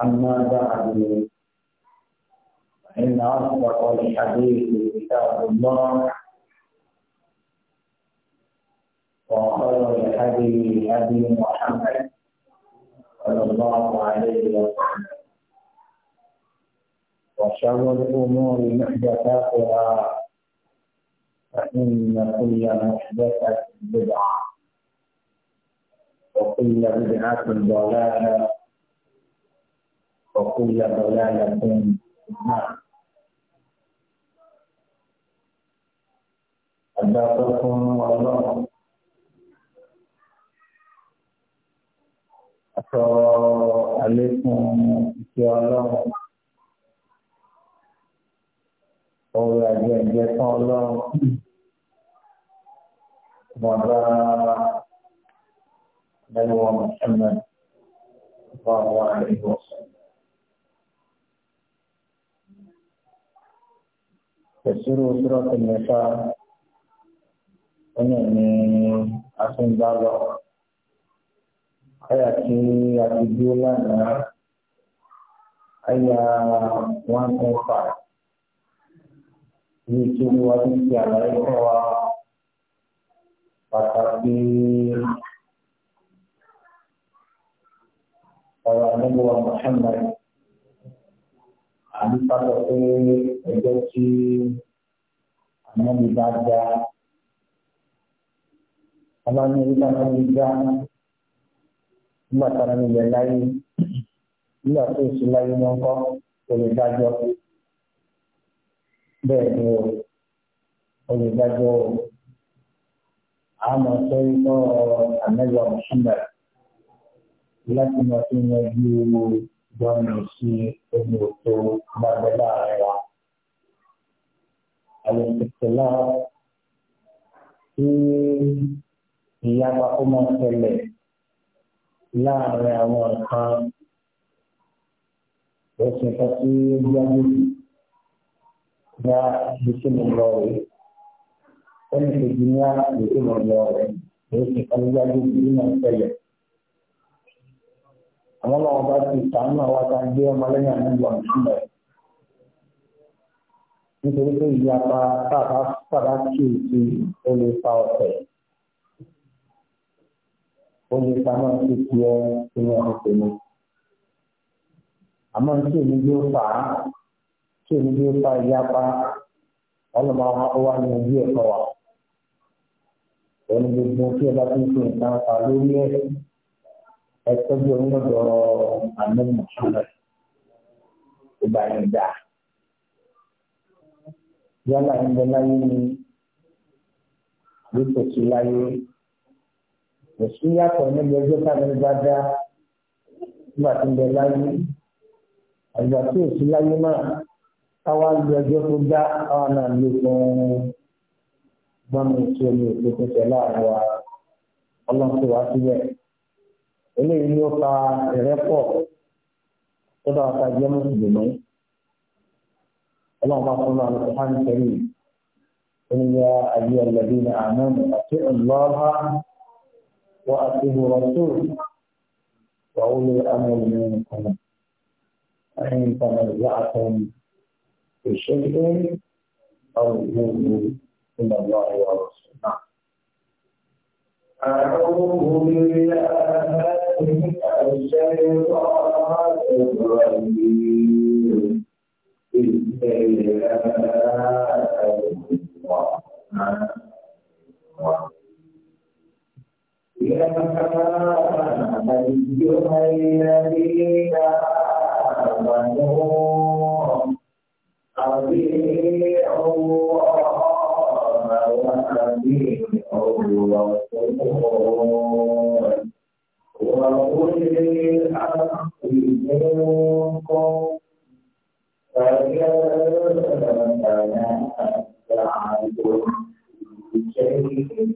أما بعد فإن أصدق الحديث كتاب الله وخير الهدي هدي محمد صلى الله عليه وسلم وشر الأمور محدثاتها فإن كل محدثة بدعة وكل بدعة ضلالة وكل ضلالة في النار أدعوكم الله عليكم يا الله Ọ̀rọ̀ àjẹ́ ìjẹ́ tán ọlọ́run bàbá ẹlẹ́wọ̀n Mùsùlùmí bá wà تفسير سورة النساء ونعني أسن بابا حياتي أتجو لنا أيا وان تنفع يجب وجدت عليك وفتاكي وعنبوة محمد àbí pátọ pé ẹjọ́ tí ànábi bá dá ọba ní orí bàbá mi dá nígbà tára mi lẹ láyé nígbà tó sì láyé wọn kọ olùdájọ́ bẹ́ẹ̀ ni o olùdájọ́ o àmọ́ sọ ikọ ànábi wa láti mọ sí yanjú owó gbọ́nà sí omi òtó gbàgbé láàrin wa. Àwọn ìpìlẹ̀ tí ìyapa ó máa ṣẹlẹ̀ láàrin àwọn nǹkan ẹ̀sìn kan tí gbọ́dọ̀ gba ìṣe mi lọ rẹ̀. Ẹnì kejì ní àpò ìṣe lọ rẹ̀. Èyí ti kan gbọ́dọ̀ bí náà ṣẹlẹ̀ àwọn ọlọ́wọ́n bá ti sàánú àwọn àtàgbé ọmọlẹ́yìn àdúgbò àmúṣúlẹ̀ nítorí pé ìyapa tàbá padà kí èsì ó lè fa ọ̀tẹ̀ ó lè fa náà sí ti ẹ ìyẹn ọ̀pẹ̀ mi àmọ́ tí èmi bí ó fà á tí èmi bí ó fa ìyapa ọlọ́mọ wa ní ojú ẹ̀kọ́ wa òun gbogbo tí ẹ bá ti ń fi nǹkan pa lórí ẹ̀ ẹtọ́jú ọlọ́dọ̀ àná Muhammad ìbànújà yálà ń bẹ láyé ni àbí kò sí láyé kò sí yàtọ̀ níbi ẹjọ́ káàdì bá dá nígbà tí ń bẹ láyé àgbà tí ò sí láyé náà káwá lu ẹjọ́ tó dá káwá náà lé fún gbọ́n mi tí omi òkú tó tẹ̀ láàrin wa ọlọ́run tó wá síbẹ̀ eléyìí ni ó fa ìrẹ́pọ̀ tó bá ta jẹ́ mùsùlùmí ọlọ́run bá fún àwọn ọ̀hán kẹrì oníyà ayé ọ̀lẹ́bí ní àná àti ọlọ́ha wọ́n àti ìrọ̀tò wà ó lè àmọ́ ìlú nìkan ẹ̀yìn ìtàn ìyá àtọ́n ìṣẹ́gbẹ́ ọ̀rọ̀ ìlú ìlú ìlànà ọ̀rọ̀ ìṣúná. أعوذ بالله الشيطان الرجيم بسم الله يا أيها الذين آمنوا أطيعوا الله وأطيعوا الرسول وقل الحق منكم فجاءنا أسعد بشيء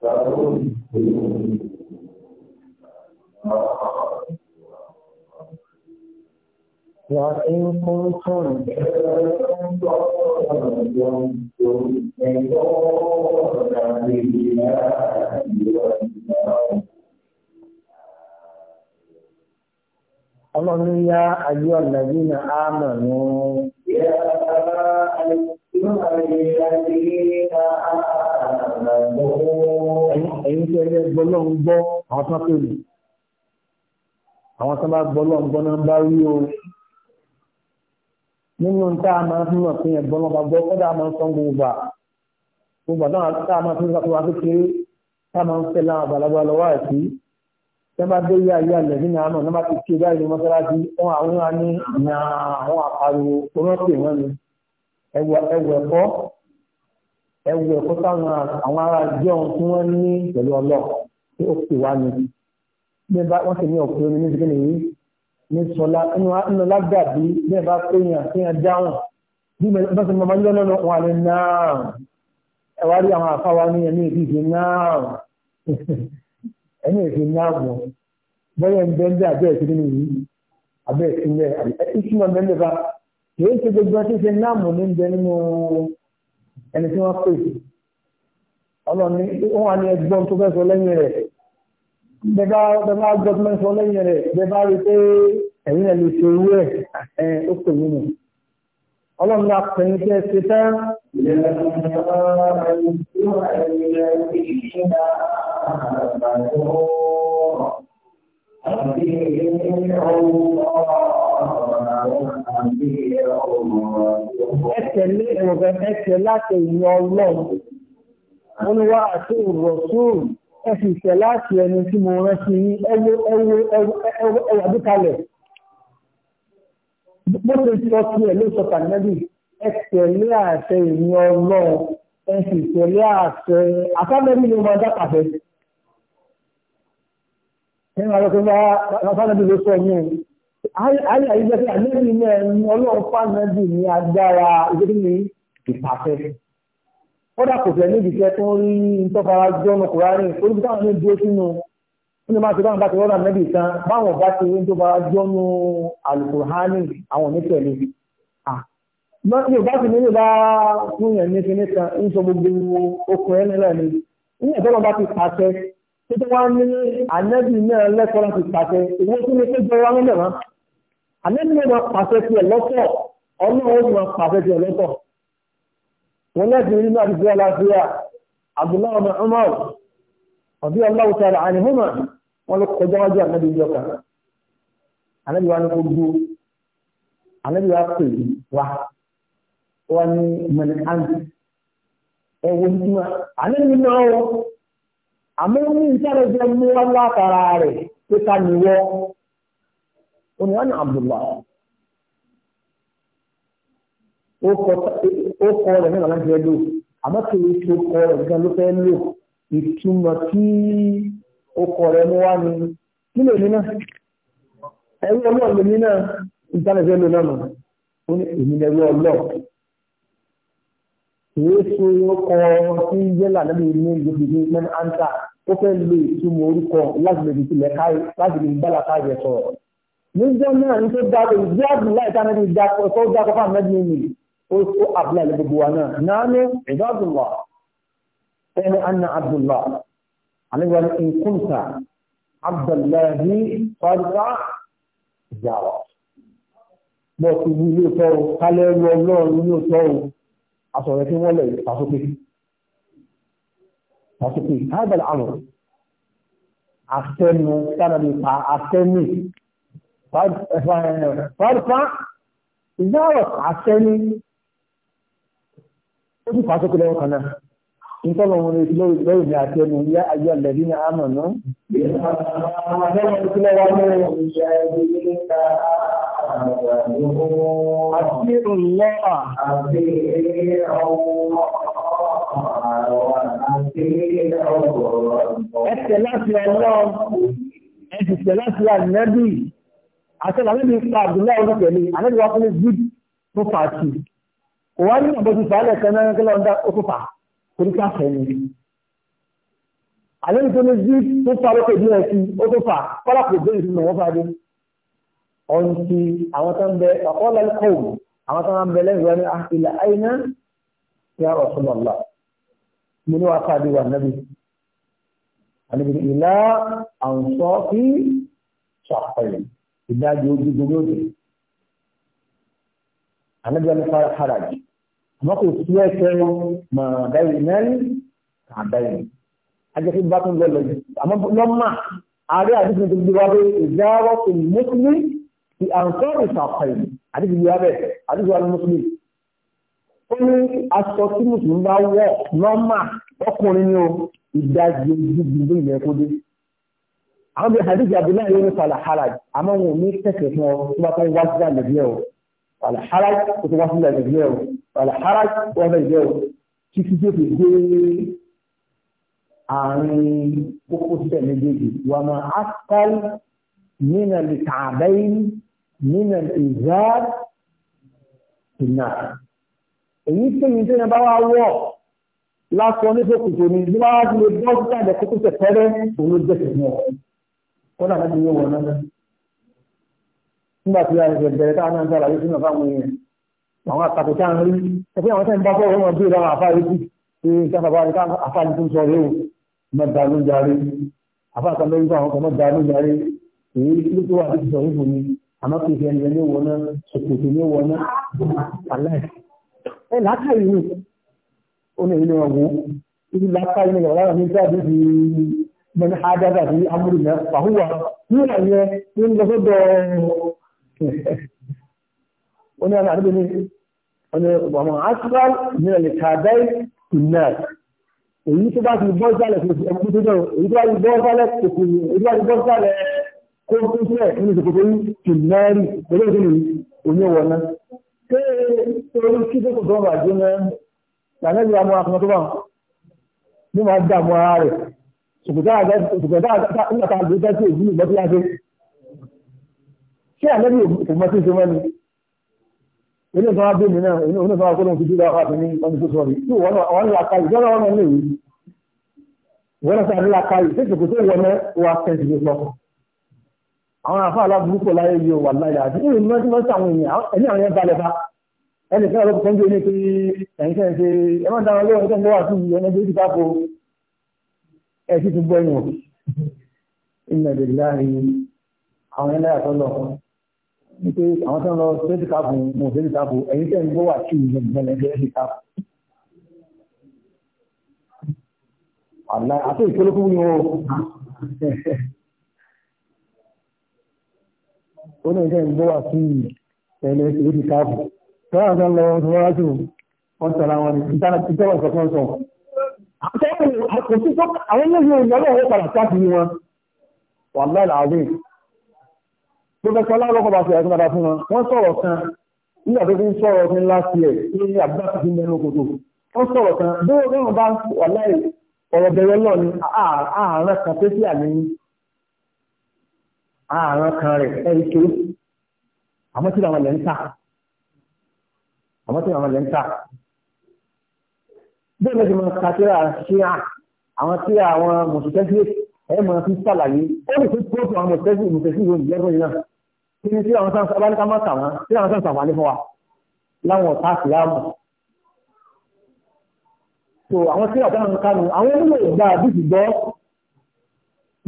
فرد وإن كنتم تؤمنون بالله واليوم ọlọ́run ní yá ayé ọ̀nà yìí ní àmọ̀ ní. ẹ̀yin tí ẹgbẹ́ gbọ́lọ́run gbọ́ àwọn tó pè mí àwọn tó bá gbọ́lọ́run gbọ́ náà bá rí o nínú tá a máa ń fún ọ̀pìn ẹ̀gbọ́n náà bá gbọ́ kọ́dà máa ń sọ gbogbo à gbogbo àtàwọn tá a máa ń fún ọ̀pìn wa kékeré tá a máa ń fẹ́ láwọn àgbàlagbà tẹ́bá dé yá ìyá lẹ̀bí ní àmà náà bá ti ké báyìí mọ́sálásí wọn àwọn wa ní ìyá àwọn àpariwo orókè wọn ni ẹwọ ẹ̀kọ́ ẹwọ ẹ̀kọ́ táwọn àwọn ará jẹun tí wọ́n ní pẹ̀lú ọlọ́ tí ó pè wá ni bí wọ́n sì ní ọ̀pẹ omi níbi kíni yìí ní sọlá nínú lágbàdì bí ẹ bá péyàn péyàn dáhùn bí bá sọ mọ́mọ́ nílọ́nà náà wà ní náà ẹ̀wá rí àwọn àfáwa ní ẹ̀mí ìdíje náà ẹ̀yìn èsì ní ààbò bẹ́ẹ̀ ń bẹ́ẹ̀ abẹ́ ẹ̀sìn nínú yìí abẹ́ ẹ̀sìn bẹ́ẹ̀ ẹ̀sìn náà bẹ́ẹ̀ bá kìí ṣe gbogbo ẹtí ṣe ní ààbò ní bẹ nínú ẹni tí wọ́n pè ọlọ́ni wọ́n wà ní ẹgbọ́n tó fẹ́ sọ lẹ́yìn rẹ̀ bẹ́ẹ̀ bá gbọ́ tó fẹ́ sọ lẹ́yìn rẹ̀ bẹ́ẹ̀ bá rí pé ẹ̀yìn ẹ̀ lè ṣe owó ẹ̀ ó pè mí nù ọlọ́run náà pẹ̀yìn tẹ́ ṣe tán. مسرورا Ẹ̀tẹ̀lé ẹ̀rọ̀bẹ̀ ẹ̀tẹ̀ láti ìyọ ọlọ́run. Wọ́n ni wá àti ìrọ̀sùn ẹ̀sì ìṣẹ̀ láti ẹni tí mo rán sí ẹwọ́ ẹwà dúkalẹ̀. Bó ṣe sọ sí ẹ̀ ló sọ tàbí ẹ̀tẹ̀lé àṣẹ ìyọ ọlọ́run ẹ̀sì ìṣẹ̀lẹ̀ àṣẹ àṣàmẹ́rin ni mo máa dápàfẹ́ nínú àwọn ọkùnrin bá fánàbí ló sọ ní àyè àyíjẹ́ pé àlẹ́bí ní ẹni ọlọ́run fánàbí ní agbára ìgbésí ìpàfẹ́ kódà kò fẹ́ níbi iṣẹ́ tó ń rí ìtọ́fara jọ́nù kùránì olùkọ́ táwọn ní dúró sínú nínú máa ṣe báwọn bá ti rọ́nà nẹ́bì kan báwọn bá ti rí ìtọ́fara jọ́nù alùkùránì àwọn onítẹ̀lé yóò bá sì ní yóò bá fún yẹn ní kíní kan ń sọ gbogbo okùn ẹ̀ nílẹ̀ ni ní títí wá ní ànẹ́bì náà lẹ́kọ̀ọ́ láti pàṣẹ ìwé tí mo kéjọ wá nílẹ̀ wá ànẹ́bì náà máa pàṣẹ sí ẹ̀ lọ́tọ̀ ọlọ́run máa pàṣẹ sí ẹ̀ lọ́tọ̀ wọn lẹ́sìn nínú àdìsí aláfíà abdullahi ọmọ umar ọbí ọlọ́run tààrà àníhùmà wọn ló kọjá wájú ànẹ́bì ìjọ kan ànẹ́bì wa ní kó gbó ànẹ́bì wa pè wá wọn ní mẹlẹ àǹtí ẹwọ nígbà ànẹ́bì náà àmọ́ ní ìtẹ́rẹ̀ jẹ́ mú wá látara rẹ̀ pé ká ní wọ́ oníwájú Abdullah ó kọ rẹ̀ nígbà láti ẹlò àmọ́ kì í ṣe kọ rẹ̀ gan ló fẹ́ lò ìtumọ̀ tí ó kọ rẹ̀ mú wá ni kí lè ní náà ẹ̀rú ọlọ́ọ̀lù ní náà ìtẹ́rẹ̀ jẹ́ lò náà ó ní èmi lẹ́rú ọlọ́ọ̀lù kìí ṣe ọkọ̀ tí yẹ́là lẹ́nu ilé ìgbòkègbè mẹ́nu áńtà ó fẹ́ lo ìtumọ̀ orúkọ láti lè fi lẹ́ka láti lè gbára ká yẹ sọ̀rọ̀. níjọ́ náà ní tó dáa lórí bí abdullahi táwọn ẹni dákọ̀ tó dákọ̀ fún ahmed nínú ó tó abdullahi lè gbogbo wa náà náà ní ìdá abdullah ẹni anna abdullah àlejò ní nkúnta abdullahi fàdúrà zàwà. bọ́ọ̀sì yìí yóò tọrọ kálẹ̀ lọ́ọ́ lọ́ọ́ yóò tọrọ aṣọ rẹ̀ tí wọ́n lẹ̀ tàṣókè tàṣókè hábẹ̀lẹ̀ àmọ̀ àtẹnu tánàbí pa àtẹnu fàáfà eh, eh, ìyáwọ̀ àtẹnu ó sì fàáṣókè lọ́wọ́ kan náà nítorí wọn ní lórí ní àtẹnu yá ayé ọ̀lẹ́bí ní àmọ̀ náà أطيع الله ẹsẹ̀ láti ọlọ́run ẹsẹ̀ láti ànẹ́bì àti ànẹ́bì pa àdúlá ọdún pẹ̀lú ànẹ́bì wá fún gud tó fà sí wà ní ọ̀bọ̀ ti fà torí ká fẹ́ ni tó ní gud tó fà lókè díẹ̀ sí tó fà kọ́lá ọ̀ntì àwọn tó ń bẹ ọ̀kọ́lá kọ́ọ̀mù àwọn tó ń bẹ lẹ́yìn wọn ni àfilà ah, àyìnà ya Rasulullah mo ní wàá fàdí wà nábì àlejò ìlà àǹsọ́ kí sọ̀kọ̀lẹ̀ ìdájọ́ ojúgbó lóde àlejò ní farahàràjì àmọ́ kò sí ẹ̀kẹ́ màdáyìn náà àdáyìn ajẹ́kí bá tún lọ lọ àmọ́ lọ́mà ààrẹ àdúgbò tó gbé wá pé ìjáwọ́ tó ti àǹkọ́rù ìṣàpẹ̀lú àdìsí ìlú abẹ́ àdìsí wàlú mùsùlùmí. ó ní aṣọ tí mùsùlùmí bá wọ̀ nọ́mà ọkùnrin ní o ìdajì ojú gbogbo ilẹ̀ kó dé. àwọn bíi àdìsí àbílẹ̀ yóò ní falahara àmọ́ wọn ò ní tẹ̀sẹ̀ fún ọ tó bá tó wá sí àlẹ́bíẹ́ o falahara tó tó wá sí àlẹ́bíẹ́ o falahara tó wá sí àlẹ́bíẹ́ o títí tó fi dé àárín kókó tẹ̀ méjèèjì wọn máa á nínú ìtàbẹ́yìn nínú ìzá ìnà èyí tẹ́yìn tẹ́yìn bá wá wọ̀ lásán ní fòkùtò ní bí wọ́n á ti lè bọ́ sí àdẹ kókó tẹ̀tẹ́rẹ́ òun ló jẹ́ tẹ̀sán ọ̀ kọ́nà láti yẹ wọ̀ náà nígbà tí a ṣe bẹ̀rẹ̀ táwọn náà ń sára yóò fún ọ̀fà àwọn èèyàn àwọn àtàkùn tá à ń rí ẹgbẹ́ àwọn sẹ́yìn bá fọ́ ọ̀rọ̀ bí ìlànà àfáà yìí kú ṣe ìjọba bá ní àfáà tó ń sọ yóò mẹ́ta ló ń darí àfáà kan fún àwọn kan mẹ́ta ló ń darí èyí tó wà ní ìsọ̀rí fún mi àmọ́ kì í ṣe ẹni ẹni wọná ṣòkòtò ní wọná aláì ẹ látàrí ní ó ní ìlú ọgbọ́n ibi látàrí ní ọ̀rọ̀ ní jáde di mẹni ádága sí amúrì náà pàhùwà ní ìlànà ní ń lọ sọ́dọ̀ ó ní ọ̀nà àdúgbò ní ọ̀nà ọmọ astral ní ọ̀nà kàdá ìnà èyí tó bá ti bọ́ sálẹ̀ kòkòrò èyí tó bá ti bọ́ sálẹ̀ kòkòrò èyí tó bá ti bọ́ sálẹ̀ kó tó fẹ́ nínú ìṣòkòtò yìí kì mẹ́rin pẹ̀lú ìṣòkòtò yìí òní wọ̀ náà. ṣé torí kí tó kò tó wà jẹ́ náà lànà ìlú amúra kan tó wà ní máa dá àmúra rẹ̀ ṣòkòtò àgbẹ̀ ṣòkòtò àgbẹ̀ tó ti èyí ìgbọ́ tó yá ṣé àlẹ́ bí òkùnkùn ti ṣe mọ́ni ilé ìtàn abé mi náà inú ìtàn akọ́lọ́ ti dúró àwọn àtúnní wọn tó sọ̀rọ̀ yìí wọn là ká ìjọba wọn náà léwu wọn náà sáré là ká yìí ṣé ṣòkòtò ìwọ náà wà fẹ́ẹ́ ti lè lọ́kọ̀ọ́ àwọn afá aláburúkọ láyé yóò wà láyé àti ìrìn mọ́tí mọ́tí àwọn ènìyàn ẹni àwọn yẹn balẹ̀ bá ẹni fẹ́ ọlọ́pù kan jẹ́ ní pé ẹ̀yìn sẹ́yìn ṣe ẹ máa dára lọ́wọ́ ẹ̀sẹ̀ lọ́wọ́ àti ìyẹn ẹgbẹ́ ti káko ẹ̀ sì ti gbọ́ ẹ̀yìn wọ̀ ilẹ̀ èdè láàrin àwọn ẹlẹ́yà tó lọ ní pé àwọn tó ń lọ fẹ́ẹ̀sì káàpù mọ̀ fẹ́ẹ̀sì káàpù ẹ̀yìn sẹ́yìn gbọ́ wà ìyẹn ẹgbẹ́ oníṣẹ́ ń bọ́ wà sí ẹ̀lẹ́ ìwé ti káàbù tọ́wọ́n sọ lọ sọ wọ́n rájú wọ́n sọ̀rọ̀ àwọn ìtọ́wọ́ ìṣọ̀kan sọ. àwọn ilé ìwé ìyàwó ọ̀rẹ́ padà káàkiri wọn wà láìlà àwẹ̀ tó fẹ́ sọlá ọlọ́kọ̀ bá fi àti padà fún wọn wọ́n sọ̀rọ̀ kan nígbà tó fi ń sọ̀rọ̀ ní láti ẹ̀ ní àbúrò àti mẹ́rin òkòtò wọ́n sọ̀rọ̀ kan bí wọ́n bá wà láì ọ̀rọ̀ bẹ̀rẹ̀ lọ ni ààrẹ kan pé sí àlẹ́yìn ààrùn kan rẹ̀ ẹ̀rí kéré àmọ́ àwọn ilẹ̀ ń tà àmọ́ àwọn ilẹ̀ ń tà bẹ́ẹ̀ ló ti kàtírà ṣí à àwọn tí àwọn mọ̀sùtẹ́sì ẹ̀ mọ̀ fi sàlàyé ó lè fi kóòtù àwọn mọ̀sùtẹ́sì mọ̀sùtẹ́sì yóò jẹ́ fún yìí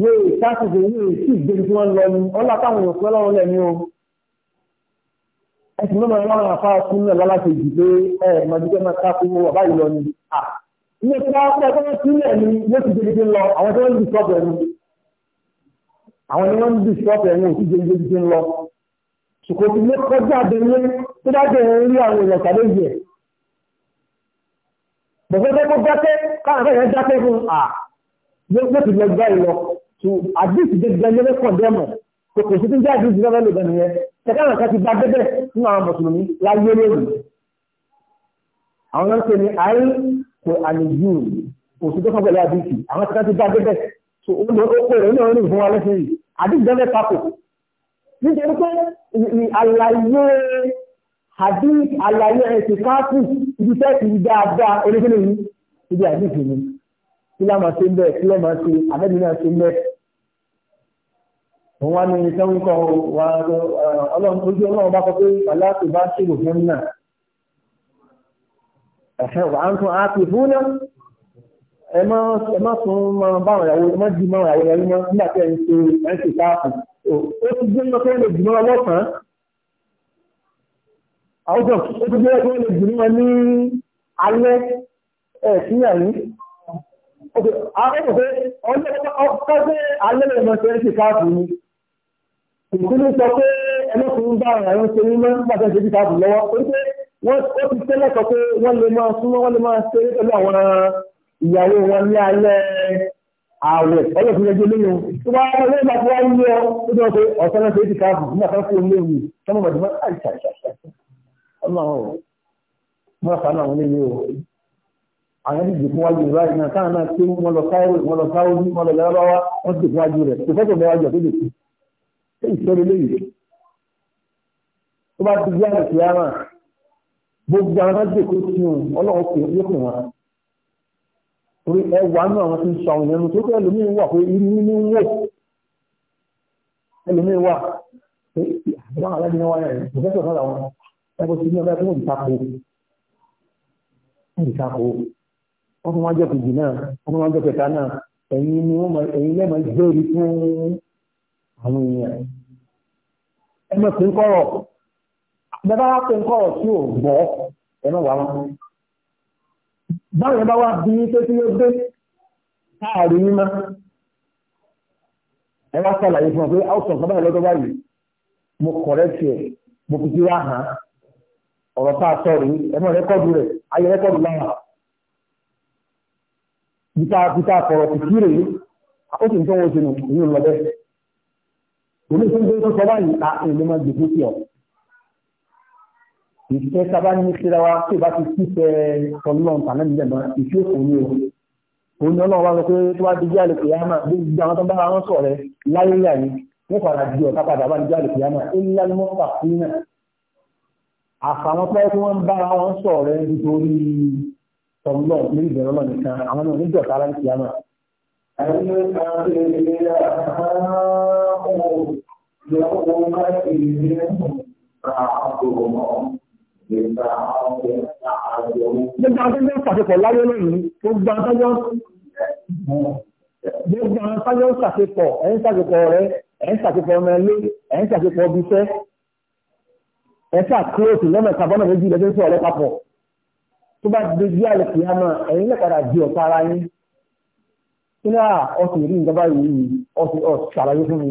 ní ìtàkùnkù ní ìsì ìgbèrè tí wọ́n lọ ní ọlá táwọn èèyàn pẹ́lá wọn lẹ́ni o ẹ̀sìn mẹ́mọ̀ láwọn afá fún náà láláṣẹ jù pé ẹ̀ mọ̀júkẹ́ máa káàkó wà báyìí lọ ní à ilé tí wọ́n pẹ́ tọ́wọ́ sílẹ̀ ní ló ti gbèrè tí ń lọ àwọn tí wọ́n ń bì sọ́ọ̀bù ẹ̀nu àwọn ni wọ́n ń bì sọ́ọ̀bù ẹ̀nu òsì gbèrè tí ń lọ ṣùkò tí ló kọjá abẹ́lé tó dájọ́ ẹ̀rín rí àwọn èèyàn tàbí ìyẹ̀ bọ̀fẹ́ fẹ́ kó dákẹ́ káàkiri ẹ̀ dákẹ́ fún à yóò ti lọ gbá ìlọ so àdìsí gẹ́gẹ́ lẹ́wẹ́ kọ̀ndẹ́mọ̀ kò kò sí tí ń jẹ́ àdìsí lẹ́wẹ́ lè bẹ̀rẹ̀ yẹn tẹ̀kánà kan ti bá bẹ́bẹ̀ nínú àwọn mùsùlùmí láyé lónìí àwọn náà ṣe ni àárín kò àníyù òsì tó kàn pẹ̀lú àdìsí àwọn tẹ̀kánà ti bá bẹ́bẹ̀ so ó lọ kó rẹ̀ nínú ìfún wa lẹ́sìn yìí àdìsí lẹ́wẹ́ papò nítorí pé àlàyé àdìsí àlàyé ẹ̀sìn káàkù ibi tẹ́ ti dáadáa oníkẹ́lẹ́ yìí ibi àdìsí ni kí lá máa ṣe ń bẹ́ẹ̀ kí lọ́ máa ṣe àbẹ́bí náà ṣe ń bẹ́ẹ̀ òun wá ní iṣẹ́ ń kọ́ wa ọlọ́run ojú ọlọ́run bá kọ pé aláàtò bá ṣèlò fún náà ẹ̀hẹ́ wà á ń tún àti fún náà ẹ má ẹ má tún máa báwọn ìyàwó ẹ má di máwọn ìyàwó ẹ̀rí mọ́ nígbà tí ẹ ń ṣe ẹ ń ṣe káàkùn ó ti gbé lọ kẹ́lẹ́ jù mọ́ lọ́sàn-án àwùjọ ó ti gbé lọ kẹ́lẹ́ jù mọ́ ní alẹ́ ẹ̀ sí àyí ó ti àwọn ọ̀pọ̀ pé ọlọ́pàá ọ̀pọ̀ pé alẹ́ lè mọ̀ ṣe é ṣe káàkùn ni ìpínlẹ̀ sọ pé ẹlẹ́kùnrin bá ara ṣe ní mọ́ nígbàtà ṣe bíta ààbò lọ́wọ́ pé wọ́n ti tẹ́lẹ̀ sọ pé wọ́n lè máa súnmọ́ wọ́n lè máa ṣe é pẹ̀lú àwọn ìyàwó wọn ní alẹ́ ààwẹ̀ ọlọ́ fi lẹ́jọ́ lẹ́yìn tó bá wọ́n lé bá ti wá ń fún wájú rẹ báyìí náà káà náà pé wọn lọ sáwọ wọn lọ sáwọ wọn lọ lọ lọ́wọ́ wọn ti dìkún wájú rẹ kò fẹ́ tó wájú rẹ tó ṣé léyìí tó bá ti gbé àlùkò yàrá gbogbo àwọn bá tí òun ọlọ́run kò yé kò wọn torí ẹwà náà wọn ti ń sọ àwọn èèyàn tó kọ́ ẹlòmíín wà pé irú ní wò ẹlòmíín wà pé àwọn aláàbí náà wà yẹn pòfẹ́sọ̀ náà làwọn ẹgbẹ́ sí ní ọ̀gá tó ń tako ń tako wọ́n fún wọn jẹ́ kejì náà wọ́n fún wọn jẹ́ kẹta náà ẹ̀yin ni wọ́n ẹ̀yin lẹ́ẹ̀mọ́ àwọn èèyàn rẹ̀ kọ́rọ̀ bẹ́bá pé ń kọ́rọ̀ tí ò gbọ́ ẹmọ wà wọn báwọn bá wá bí pé tí ó gbé káàrí mímá ẹ wá sàlàyé fún ọ pé áùsàn kan báyìí lọ́dọ́ báyìí mo mo fi wá hàn ọ̀rọ̀ tá a sọ rèé rẹ̀ ayé lára fọ̀rọ̀ kìkì rèé omi tó ń gbé tó sọ báyìí ah, ta èlò máa gbèsè sí ọ. ìfẹ́ sábà ní síra wa tó bá ti kífẹ́ tọ́lọ́ tàná nílẹ̀ mọ́ ìfẹ́ òun o. òun ni ọlọ́run wá sọ pé tó bá dijú àlèkè yá máa bí gbogbo àwọn tó ń bá wọn sọ̀ rẹ láyé yà ni wọ́n padà di ọ̀tá padà bá dijú àlèkè yá máa ó ní lálẹ́ mọ́tà fún náà. àfàwọn pẹ́ tí wọ́n ń bára wọn sọ̀ rẹ nítorí يوم الدين ṣàṣepọ̀ láyé lónìí, gbogbo àtàjọ́ gbogbo àtàjọ́ ń ṣàṣepọ̀, ẹ̀ ṣàṣepọ̀ rẹ̀, ẹ̀ ṣàṣepọ̀ ọmọ ẹlé, ẹ̀ ṣàṣepọ̀ ọbí iṣẹ́. Ẹ ṣà kúròtì lọ́nà méjì lẹ́jọ́ sí ọ̀rẹ́ Tó bá di bí àlè kìí àmọ́ ẹ̀yin lè padà di ọ̀tá ara yín. Kí ni ọ̀sìn rí nǹkan báyìí ọ̀sìn ọ̀sìn ṣàlàyé fún mi.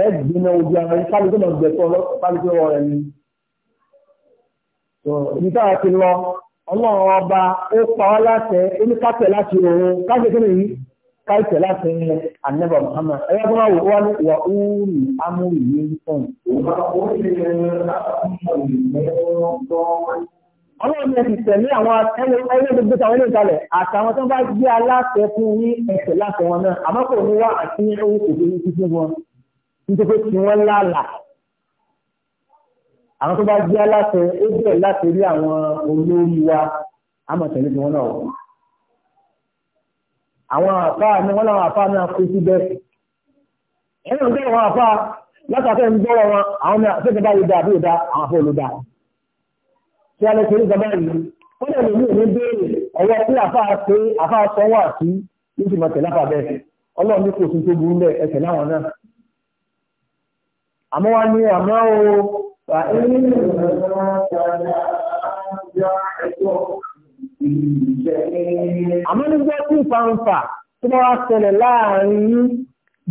ẹ gbìnà ojú ara yìí kálukú náà gbẹ̀tọ́ kálukú wọ rẹ̀ ni. ibi tá a ti lọ ọlọ́run ọba ó pa ọ́ láṣẹ oníkàtẹ̀ láti òun káṣẹ kí nìyí káṣẹ láti anẹ́bà Muhammad ẹ̀yà tó máa wò wá ní wà úrì amúrì yìí fún un. ọlọ́run ni ẹ̀sìn tẹ̀lé àwọn ẹni gbogbo táwọn ilé ìtàlẹ̀ àtàwọn tó bá gbé aláṣẹ fún yín ẹ̀sẹ̀ láṣẹ wọn náà àmọ́ kò ní wá àti nítorí tí wọ́n lálà àwọn tó bá jẹ́ aláṣẹ ó bẹ̀rẹ̀ láti rí àwọn olórí wa amọ̀tẹ̀lẹ́ tí wọ́n náà wọ̀ àwọn àfáà ni wọ́n láwọn àfáà náà kó sí bẹ́ẹ̀ ẹ̀rọ ń bẹ̀rẹ̀ wọn àfáà látàkẹ́ ń gbọ́rọ̀ wọn àwọn ní àfẹ́kẹ́ bá yóò dá àbí yóò dá àwọn afọ́ olódà tí a lè torí gbọ́dọ̀ yìí ó lè lè ní òní béèrè ọ̀wọ́ tí àfáà pé àfáà sanwó àti ní ti tẹ̀lé àfáà bẹ́ẹ̀ ọlọ́run ní kò sí tó burú lẹ̀ ẹ̀kẹ́ láwọn náà àmọ́ wá ní àmọ́ o fà ní àmọ́ nígbà tí ìfàǹfà tí wọ́n wá ṣẹlẹ̀ láàrin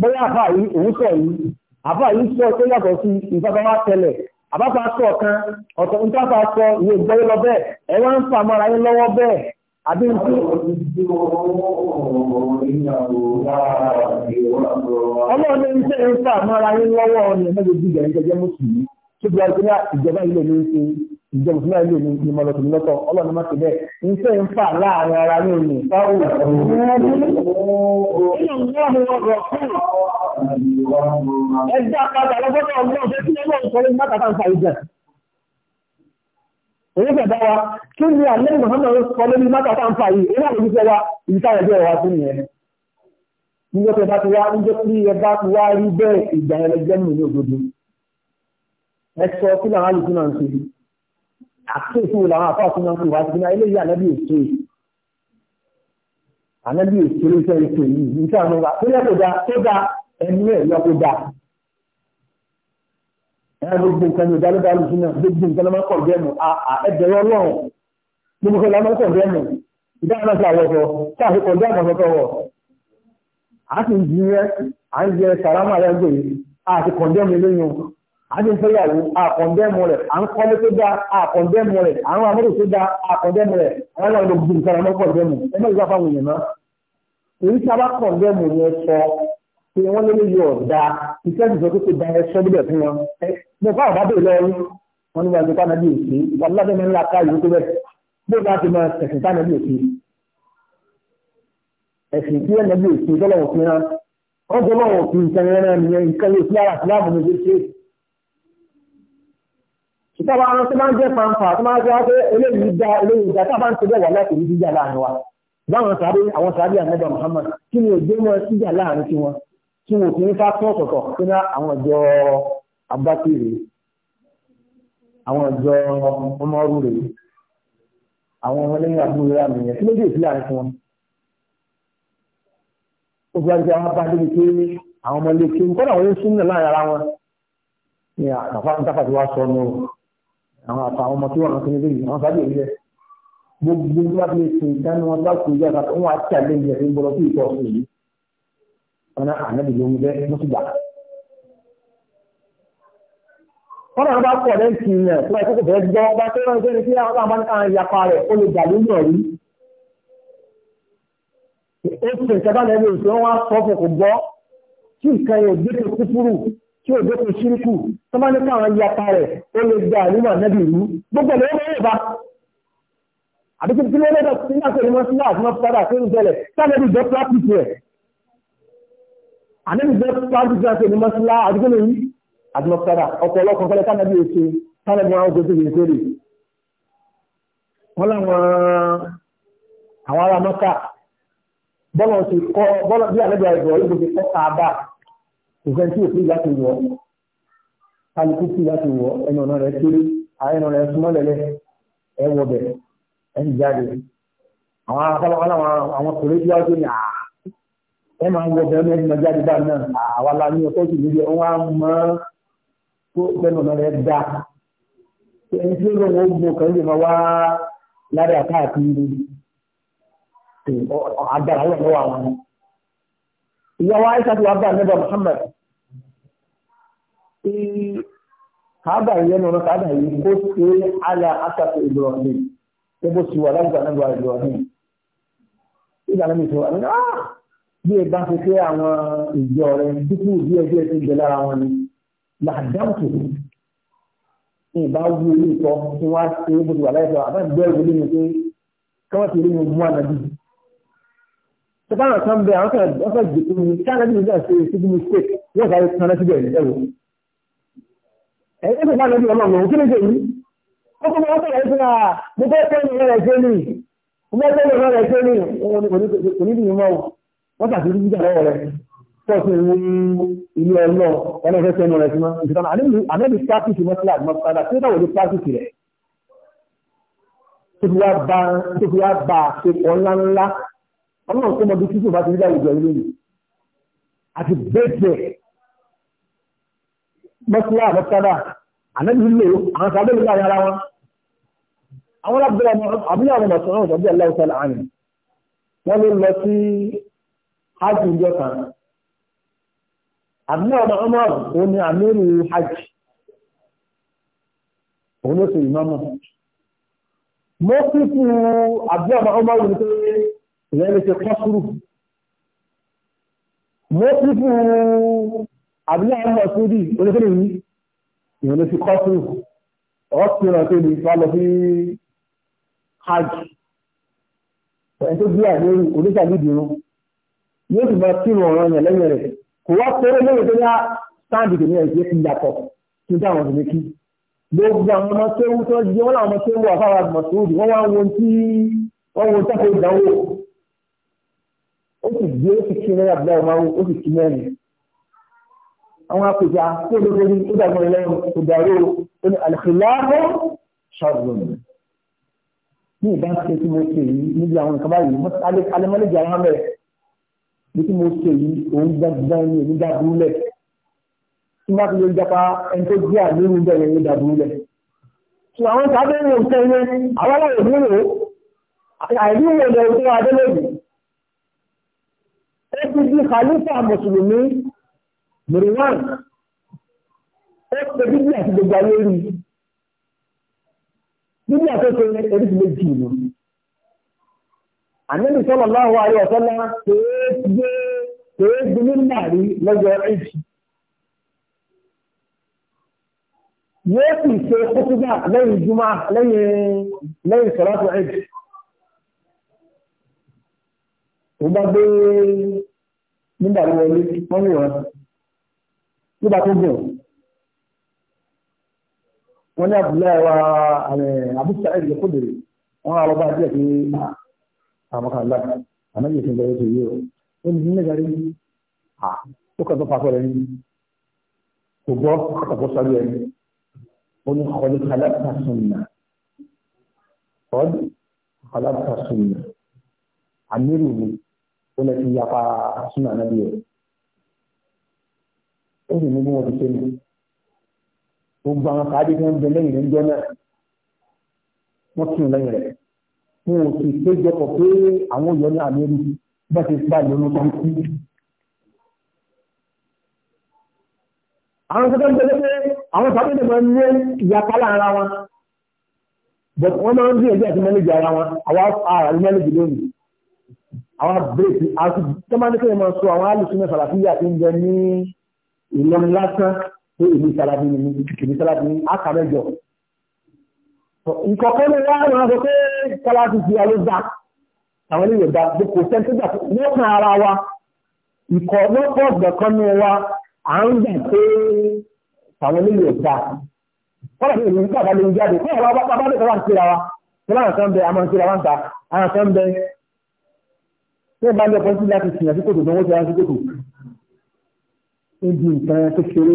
bóyá àfà yìí òun sọ àbáfà sọ ọ̀tọ̀ sọ ìwé lọ bẹ́ẹ̀ ń fà mọ́ra lọ́wọ́ bẹ́ẹ̀. àbí ń tí ọlọ́ọ̀lẹ́ mọ́ra lọ́wọ́ ọ̀nà mùsùlùmí tó bí ìjọba ilé ṣe ìjọba ìjọba ilé ní mọ̀lọ́tún lọ́tọ̀ ọlọ́ọ̀lẹ́ máa ṣe bẹ́ẹ̀ láàrin ara òun bẹ̀dá wa kí ni alẹ́ Muhammad sọ lórí mákàtà ń fa yìí ó wà lórí fẹ́ wa ibi táwọn ẹgbẹ́ wa fún yẹn níjọ́ tẹ bá ti wá níjọ́ tí ẹ bá ti wá rí bẹ́ẹ̀ ìgbà yẹn lẹ́gbẹ́ mi ní òdodo ẹ sọ kí làwọn alùpùpù náà ń ṣe àkéèkú làwọn àfáàfù náà ń ṣe wáá ti gbìnà eléyìí ànábì èso yìí ànábì èso ló fẹ́ èso yìí nígbà wọn wá tó yẹ kó dáa tó dáa ẹnu ẹ̀ yọ kó dáa ẹ gbogbo nǹkan ní ìdálẹ́dá alùsùnà gbogbo nǹkan lọ́mọ kọ̀ bẹ́ẹ̀ mù ẹgbẹ̀rún ọlọ́run gbogbo nǹkan lọ́mọ kọ̀ bẹ́ẹ̀ mù ìdáhùn náà ṣàwọ̀ sọ káàfi kọ̀ bẹ́ẹ̀ mọ̀ sọ́tọ̀ wọ̀ a sì ń jiyàn à ń jẹ sàrámà rẹ̀ gbé a ti kọ̀ bẹ́ẹ̀ mù lóyún a ti ń fẹ́yàwó a kọ̀ bẹ́ẹ̀ mù rẹ̀ à ń kọ́lé tó dá a kọ̀ bẹ́ẹ̀ mù rẹ̀ à ń amúrò tó dá a kọ̀ bẹ́ẹ̀ mù rẹ̀ àwọn ọ̀nà gbogbo nǹkan lọ́mọ kọ̀ bẹ́ẹ̀ mù ẹ má ìgbà fáwọn èèyàn náà èyí sábà kọ̀ bẹ́ẹ̀ mù yẹn sọ pé wọ́n lé lè bẹ́ẹ̀ fáwọn bá bèèrè lọ́wọ́ wọn nígbà tó kánà bí òsè ìgbà lọ́dọ̀ mi ńlá ká ìlú tó bẹ́ẹ̀ bó bá ti máa ẹ̀sìn kánà bí òsè ẹ̀sìn tí ẹ̀nà bí òsè tọ́lọ̀wọ̀ fi hàn wọ́n tó lọ́wọ́ fi nǹkan yẹn náà nìyẹn nǹkan yóò fi ara síláàmù ní ṣe ṣe. ìtàwọn arán tó máa ń jẹ́ fanfa tó máa ń jẹ́ pé eléyìí da eléyìí da tá a bá ń tẹ́lẹ̀ wà láti ní jíjà láàrin wa báwọn sáré àwọn sáré àmẹ́bà Muhammad kí ni òjò wọn síjà láàrin tiwọn kí wọn ò fi ń fa tó ọ̀tọ̀ọ̀tọ̀ pé ní àwọn ọjọ́ abákìrì àwọn ọjọ́ ọmọọrù rè àwọn ọmọlẹ́yìn àbúrò rà nìyẹn kí ló dé ìpínlẹ̀ àárín fún wọn. ó fi wájú àwọn bá débi pé àwọn ọmọ ilé kí nǹkan àwọn oṣù náà láàrin ara wọn ni àtàfà níta ti wá sọ nù àwọn àtà àwọn ọmọ tí wọn kiri léyìí àwọn sábẹ́ ìlẹ̀ gbogbo tí wọn fi ṣe wọn bá kú ìyá àtàwọn àti àlejò ẹ̀sìn bọ̀rọ̀ sí ìtọ́ ọ̀sùn yìí wọn náà kọ́nà bá pọ̀ lẹ́ǹtì yẹn tó ẹ̀kọ́ kò fẹ́ gbọ́ bá tó rán ìgbẹ́ni tí àwọn àbá nípa ìyapa rẹ̀ ó lè gbà lórí ọ̀rí. ó ti ṣe ìṣẹ́bá lẹ́nu òṣù wọn wá sọ fún kò gbọ́ tí nǹkan yẹn ògbé tó kúkúrú tí ògbé tó ṣíríkù tó bá nípa àwọn ìyapa rẹ̀ ó lè gbà nínú ànábì rú gbogbo ẹ̀lẹ́ wọ́n yóò bá. àbí kí kílé lẹ́dọ̀ tí nígbà tó ní wọ́n sílá àti wọ́n padà tó ń tẹ̀lẹ̀ àdìmọ̀sára ọ̀pọ̀lọpọ̀ fẹ́lẹ́ kánàbí ètò kánàbí wọn ojú ìgbè ìkórè wọn láwọn àwọn ará mọ́ká bọ́lọ̀ ti kọ́ bọ́lọ̀ bí àlejò àìbọ̀ yóò ti kọ́ káàbà ìfẹ́ tí òfin ìyá ti wọ̀ kálukú tí ìyá ti wọ̀ ẹnu ọ̀nà rẹ̀ kéré ẹnu rẹ̀ súnmọ́ lẹ́lẹ́ ẹ wọ bẹ̀ ẹ ń jáde àwọn akọ́lọ́kọ́lọ́ àwọn kòrè tí wọ́n ti ẹ máa ń wọ bẹ̀ ẹ máa jáde báyìí náà àwa la ní ọkọ̀ òsì níbi ọ̀hún á mọ́ tó pẹ̀lú ọ̀nà rẹ̀ dá ẹni tí ó lọ wọ́n gbọ́ kan lè máa wá lára káàkiri agbára lọ́wọ́ àwọn ìyá wa aisha ti wá bá nígbà Muhammad tí káàbà yìí lẹ́nu ọ̀nà káàbà yìí kó ṣe àlà àṣàkó Ibrahim tó bó ṣe wà lágbà nígbà Ibrahim ìlànà mi sọ ah! bí ẹ bá ṣe pé àwọn ìjọ rẹ dípò díẹ̀ díẹ̀ ti jẹ lára wọn ni làdáwùtò ìbá wú ilé ìtọ́ tí wọ́n á ṣe é bójú àláìsọ àbájáde ìwé ni pé káwọn ti rí mi mú ànábì. sọ́kànà kan bẹ àwọn kan wọ́n fẹ́ jìkú mi kí ànábì mi náà ṣe ìṣíjú mi ṣe yóò sáré kan náà síbẹ̀ ẹ̀wọ̀. ẹ̀yẹ́ sọ̀kànà bí ọmọ òun kí ni dé yìí. ó kọ́ mi wọ́n sọ̀rọ̀ ẹ̀sìn náà mo fẹ́ fẹ́ ni mo fẹ́ fẹ́ mi rẹ̀ ṣe pọ̀sí ní ilé ọlọ́ wọn ẹgbẹ́ sẹ́nu rẹ̀ símọ́ ìtàn àmẹ́bí pàtìkì mọ́sílá àgbọ̀padà tí ó dáwọ̀ ní pàtìkì rẹ̀ tó fi wá bá a ṣe pọ̀ ńláńlá ọlọ́run tó mọ bí títí ò bá ti rí láwùjọ ilé yìí àti bẹ́ẹ̀ mọ́sílá àgbọ̀padà àmẹ́bí lò àwọn sábẹ́ ìlú àyàrá wọn àwọn abúlé àwọn ọmọ sọ̀rọ̀ ọ̀sán bí àbúrò ọmọ Umar òun ni àmírù hajj òun ló ṣe ìmọ̀mọ̀ mo kí fún àbúrò ọmọ Umar òun pé ìyẹn lè ṣe kọ́sùrù mo kí fún àbúrò ọmọ sódì olókèrè yìí ìyẹn lè ṣe kọ́sùrù ọ̀sìn ọ̀rọ̀ tó ní wà lọ sí hajj ẹ̀ tó gbé àgbẹ̀rù oníṣàlídìí rún yóò sì máa kírun ọ̀rọ̀ yẹn lẹ́yìn rẹ̀ kò wá pé lóyún tó ní sáàdì tó ní ẹ̀jẹ̀ ti yàtọ̀ kí n dá àwọn ìrèké gbogbo àwọn ọmọ tó ń tó jẹ wọn làwọn ọmọ tó ń wọ àfáwà mọ̀sùlùmí wọn wá ń wo tí wọn wo tẹ́kọ̀ ìdánwò ó sì gbé ó sì kí náírà bí ọmọ ó sì kí mẹ́rin àwọn apèjà tó lóko ní ó dàgbọ́n lẹ́yìn kò dàrú ó ní àlùfíláàmù ṣàbùrù ní ìbáṣe tí mo ṣe yìí níbi àwọn nǹkan báyìí alẹ́ àwọn mẹ́rin bí tí mo ṣe yìí òun gbọ́ngbọ́n ní èmi dàbúlẹ̀ tí má fi lè japa ẹni tó gbé àmì ìrìn bẹ̀rẹ̀ ní dàbúlẹ̀. tí àwọn sábẹ́ ìwé òṣè ilé àwọn ọmọ ìlú rò àìrí ìwé ilẹ̀ òṣè adélèbí. ó ti di khalifa mùsùlùmí mùrìwán ó pe bíbí àti gbogbo ayé rí bíbí àti ó pe ẹni tí méjì ìlú ànábì sallallahu alaihi wasallam kèé gbé kèé gbé nígbà rí lọ́jọ́ ẹ̀jì. yóò sì ṣe kókúgbà lẹ́yìn jùmọ̀ lẹ́yìn sọ̀rọ̀tò ẹ̀jì. ó bá gbé nígbà rí wọlé wọ́n yóò rán nígbà tó gùn wọ́n ní àbúlé wa àbúṣà ẹ̀jì kó dèrè wọ́n á lọ bá díẹ̀ sí náà àmọ́ká ńlá ànábì òfin bẹ̀rẹ̀ tó yé o ó ní nílẹ̀ gàrí à ó kàn tó pa fẹ́rẹ̀ ní kò gbọ́ àtàkó sáré ẹni ó ní kọ́lé kàlápà sunna kọ́lé kàlápà sunna àmírù mi ó lẹ́ ti yapa sunna ànábì ẹ̀ wọn ò sì péjọpọ̀ pé àwọn òyìn ní àmẹ́rí bẹ́ẹ̀ ti gba ìlú tó ń kú. àwọn sọ́kẹ́ ń tẹ́lẹ́ pé àwọn sábẹ́ lè ń ní ìyapa lára wọn but wọ́n máa ń bí ẹgbẹ́ àti mẹ́lẹ́jì ara wọn àwọn ará ní mẹ́lẹ́jì lónìí àwọn bírèkì àti tọ́mọ́nìkẹ́ máa sọ àwọn alùsùnmẹ́ sàlàfíà ti ń bẹ ní ìlọrin lásán pé ìlú sàlàfíà ní ìlú sàlàfíà ní àkàmẹ́jọ Ìkọ̀kọ́ ni wọ́n máa sọ pé kọ́lá ti fi aló dá. Àwọn ilé ìgbà kò sẹ́ńtẹ́gbà lọ́kàn ara wa. Ìkọ̀ lọ́pọ̀ ọ̀gbẹ̀kan ní wa, à ń gbà pé àwọn ilé ìgbà. Kọ́lá ti ìrìn nígbà lè jáde. Kọ́lá wa bá bá lẹ́kọ̀ọ́ láti kíra wa. Kọ́lá àwọn kan bẹ àmọ́ kíra wa ń ta. Àwọn kan bẹ. Ṣé ìbá lẹ́kọ̀ọ́ sí láti sìn àti kòtò tó wọ́n ti rán sí kòtò? Ó di nǹkan kékeré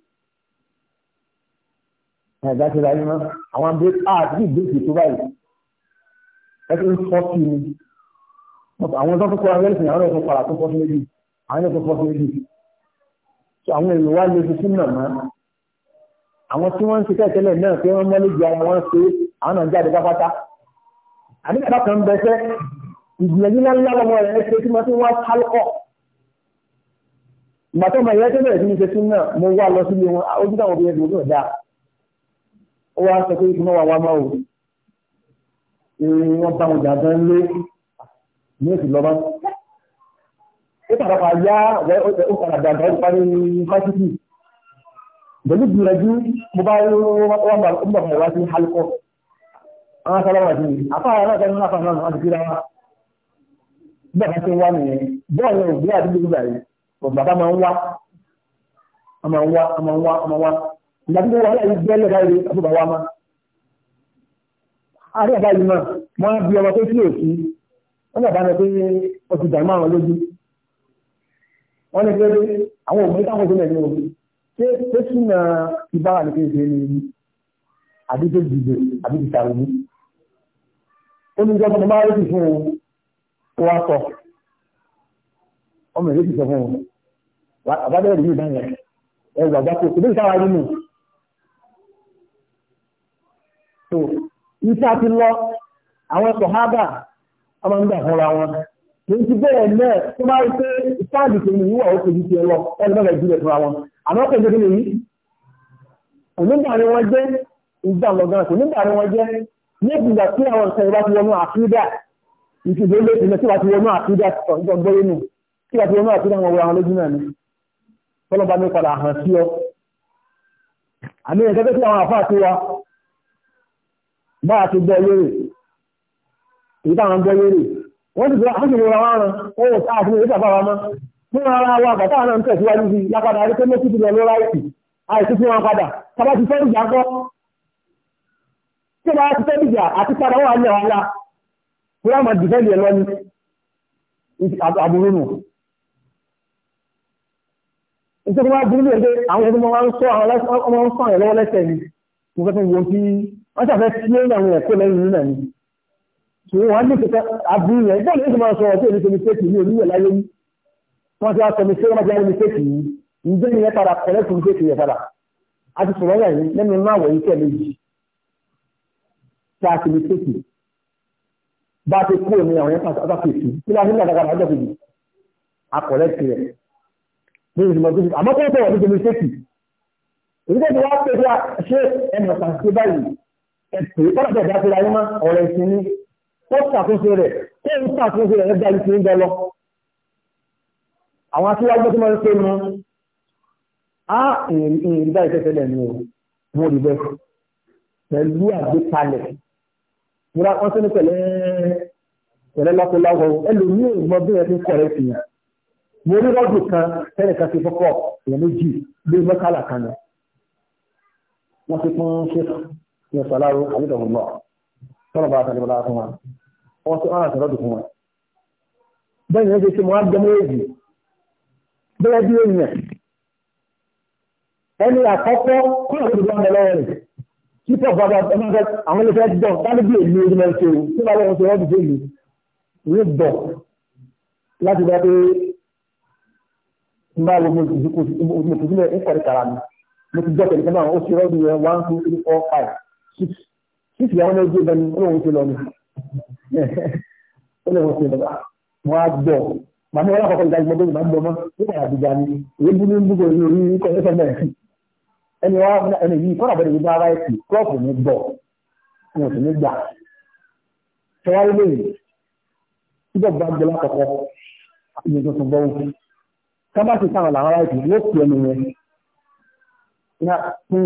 ẹ̀dá ṣe ráyé mọ́ àwọn break art bí ìgbésì tó báyìí ẹ̀sìn ń fọ́ sí ni àwọn tó kọ́ ara ẹ̀sìn àwọn ẹ̀sìn padà tó fọ́ sí méjì àwọn ẹ̀sìn fọ́ sí méjì so àwọn èèyàn wá lè fi sínú àmọ́ àwọn tí wọ́n ń ṣe tẹ́tẹ́lẹ̀ náà pé wọ́n mọ́lé ju ara wọn ṣe àwọn náà jáde pápátá àdéhùn kan bẹsẹ̀ ìgbìyànjú ńláńlá lọ́mọ rẹ̀ ṣe tí wọ́n ti wá kálkọ̀ ìgbà tó mọ̀ ìyá tó bẹ̀rẹ̀ sí ní ṣe sínú náà mo wá lọ sílé wọn ojú táwọn obìnrin tó dáa ó wá sọ pé ìfúnná wà wá máa wò wọ́n bá wọn jà gan lé ní èsì lọ́ba. ó padà pa yá ó padà dàgbà ó parí fásitì. pẹ̀lú gbìyànjú mo bá wọ́n bá wọ́n bá wọ́n wá sí halkọ́. àwọn asáláwà sí afárá náà tẹ́lẹ̀ náà fáwọn náà kíra wa. bí àwọn ti ń wá nìyẹn bọ́ọ̀lù òbí àdúgbò gbà yìí bàbá máa ń wá. a máa ń wá a máa ń wá a máa ń wá ìgbàgbọ́ wàhálà yìí bẹ́ẹ̀ lẹ́dàá ilé àbúrò bàbá máa àárẹ̀ àbá yìí máa wọ́n bí ọmọ tó sílẹ̀ sí wọ́n bàbá rẹ̀ pé ó ti dàmú àwọn lójú wọ́n lè pé àwọn òmìnir táwọn tó mẹ́rin òbí ṣé tó súnà ìbára ní kéèké ní ibi àbí tó dìbò àbí ti sàrò mú ó ní ìjọba máa rí fún un kó wá sọ ọmọ ìrètí sọ fún un àbádọ́rẹ̀ mi ìdáyẹn ẹ̀rù àgbákò ìdí ìsáwá nínú iṣẹ́ àti lọ àwọn sọ̀hábà ọmọ ń gbà fúnra wọn kì ti bẹ́ẹ̀ náà tó pé tó ní ìwà òkè yìí ti lọ ẹni bẹ́ẹ̀ jùlọ fúnra wọn àmọ́ kò jẹ́ yìí onígbà ni wọ́n jẹ́ ìgbà lọ́gán kò ni wọ́n jẹ́ ní tí àwọn nǹkan ìwà ti wọnú àfídà ilé tí wà ti wọnú àfídà tí wà ti wọnú àfídà wọn wọra wọn lójú náà ni padà hàn sí ọ bá a ti gbọ́ lérè èyí táwọn gbọ́ lérè wọ́n ti gbọ́ àwọn ìrora wọn rán owó sáàfin èyí tàbá wa mọ́ fún ara wa bàtà náà ń tẹ̀síwájú bí lápadà rí pé méjì lọ ló ráìtì àìsí fún wọn padà tàbá ti fẹ́ẹ́ ìjà kọ́ tí wọ́n ti fẹ́ẹ́ ìjà àti padà wà ní ọ̀la fún àwọn dìfẹ́ǹdì ẹ̀ lọ́ni àbúrú nù nítorí wọn burú ní ẹgbẹ́ àwọn ẹgbẹ́ wọn sọ àwọn ọmọ wọn sọ àwọn ẹlọ́wọ́ lẹ́sẹ̀ ni mo fẹ́ fún wọn kí wọ́n ṣàfẹ́ sílé àwọn ẹ̀kọ́ lẹ́yìn nínú ẹ̀mí tí wọ́n ní kẹta àbúrò ẹ̀gbọ́n ní ìgbìmọ̀ sọ ọ̀tí ènìyàn mistake ní orílẹ̀ láyé yìí wọ́n ti wá sọ mistake wọ́n ti wá mistake yìí ǹjẹ́ ni yẹn padà correct mistake yẹn padà a ti sọ̀rọ̀ yẹn lẹ́nu náà wọ̀ yìí kẹ́lẹ́ yìí tá a ti mistake bá a ti kú òní àwọn yẹn pàṣẹ àtàkùn kí ẹ̀sìn kọ́lá tẹ̀ dá síra yín mọ́ ọ̀rọ̀ ẹ̀sìn ni ó ṣàkóso rẹ̀ tó ń ṣàkóso rẹ̀ ẹgbẹ́ ìsìn ń bẹ lọ. àwọn aṣíwájú tó máa ń pè mọ́ á ìrìn báyìí tẹ́tẹ́ lẹ̀ ní o mo rí bẹ́ẹ̀ pẹ̀lú àgbékalẹ̀ múra wọ́n tún ní pẹ̀lẹ́ pẹ̀lẹ́ lákòláwọ̀ ẹlòmíì ìmọ̀ bí ẹ ti ń kọ̀rẹ́ sí i mo rí rọ́ọ̀dù kan tẹ́lẹ̀ kan ti fọ́kọ̀ èèyàn méjì lórí mọ́kàlà kan náà wọ́n ti pọ́n ṣe ní ọ̀sán aláwọ̀ àlùdọ̀hùn lọ tọ́nà bá àtàlẹ́ bọ́lá fún wa wọ́n tún ara àtàlọ́dù fún wa. bẹ́ẹ̀ ni ó ṣe ṣe mọ́ ágbẹ́mọ́ èjì bẹ́ẹ̀ bí èèyàn ẹni àkọ́kọ́ kúrò lórí ìgbà mẹ́lẹ́ rẹ̀ kí pọ̀ bàbá ẹgbẹ́ àwọn ilé-iṣẹ́ ti dán dáni bí èmi ojú mẹ́rin ṣe o tí bàbá wọn ṣe rọ́ọ̀dù tó yìí ní bọ̀ láti bá pé ń bá gbogbo ìdíkò mo fi sílẹ̀ ń kọ̀rí kàrà mi mo ti jọ́ pẹ̀lú kẹ́mọ́ àwọn ó ṣe rọ́ọ̀dù yẹn one two three four five sísì àwọn ọmọ ẹgbẹ́ bẹni ó lóun ṣe lọ ni ó lóun ṣe lọ wọn á gbọ́ màmá wọn àkọ́kọ́ ìdájọ́ gbọ́dọ̀ ìgbà gbọ́ mọ́ nígbà àbújá ni èyí bú ní búkọ ní orí kọ́ńtẹ́sán bẹ́ẹ̀ ẹni wá ẹni yìí kọ́nà bẹ́ẹ̀ ní bá ara ẹ̀sìn kúrọ́ọ̀pù ní gbọ́ wọn sì ní gbà tọ́wárí lóyè síbẹ̀ bá gbọ́ lákọ̀ọ́kọ́ ìyè tuntun bọ́ wọn kábàtì sáwọn làwọn ará ẹ̀sìn yóò pè é nìyẹn ní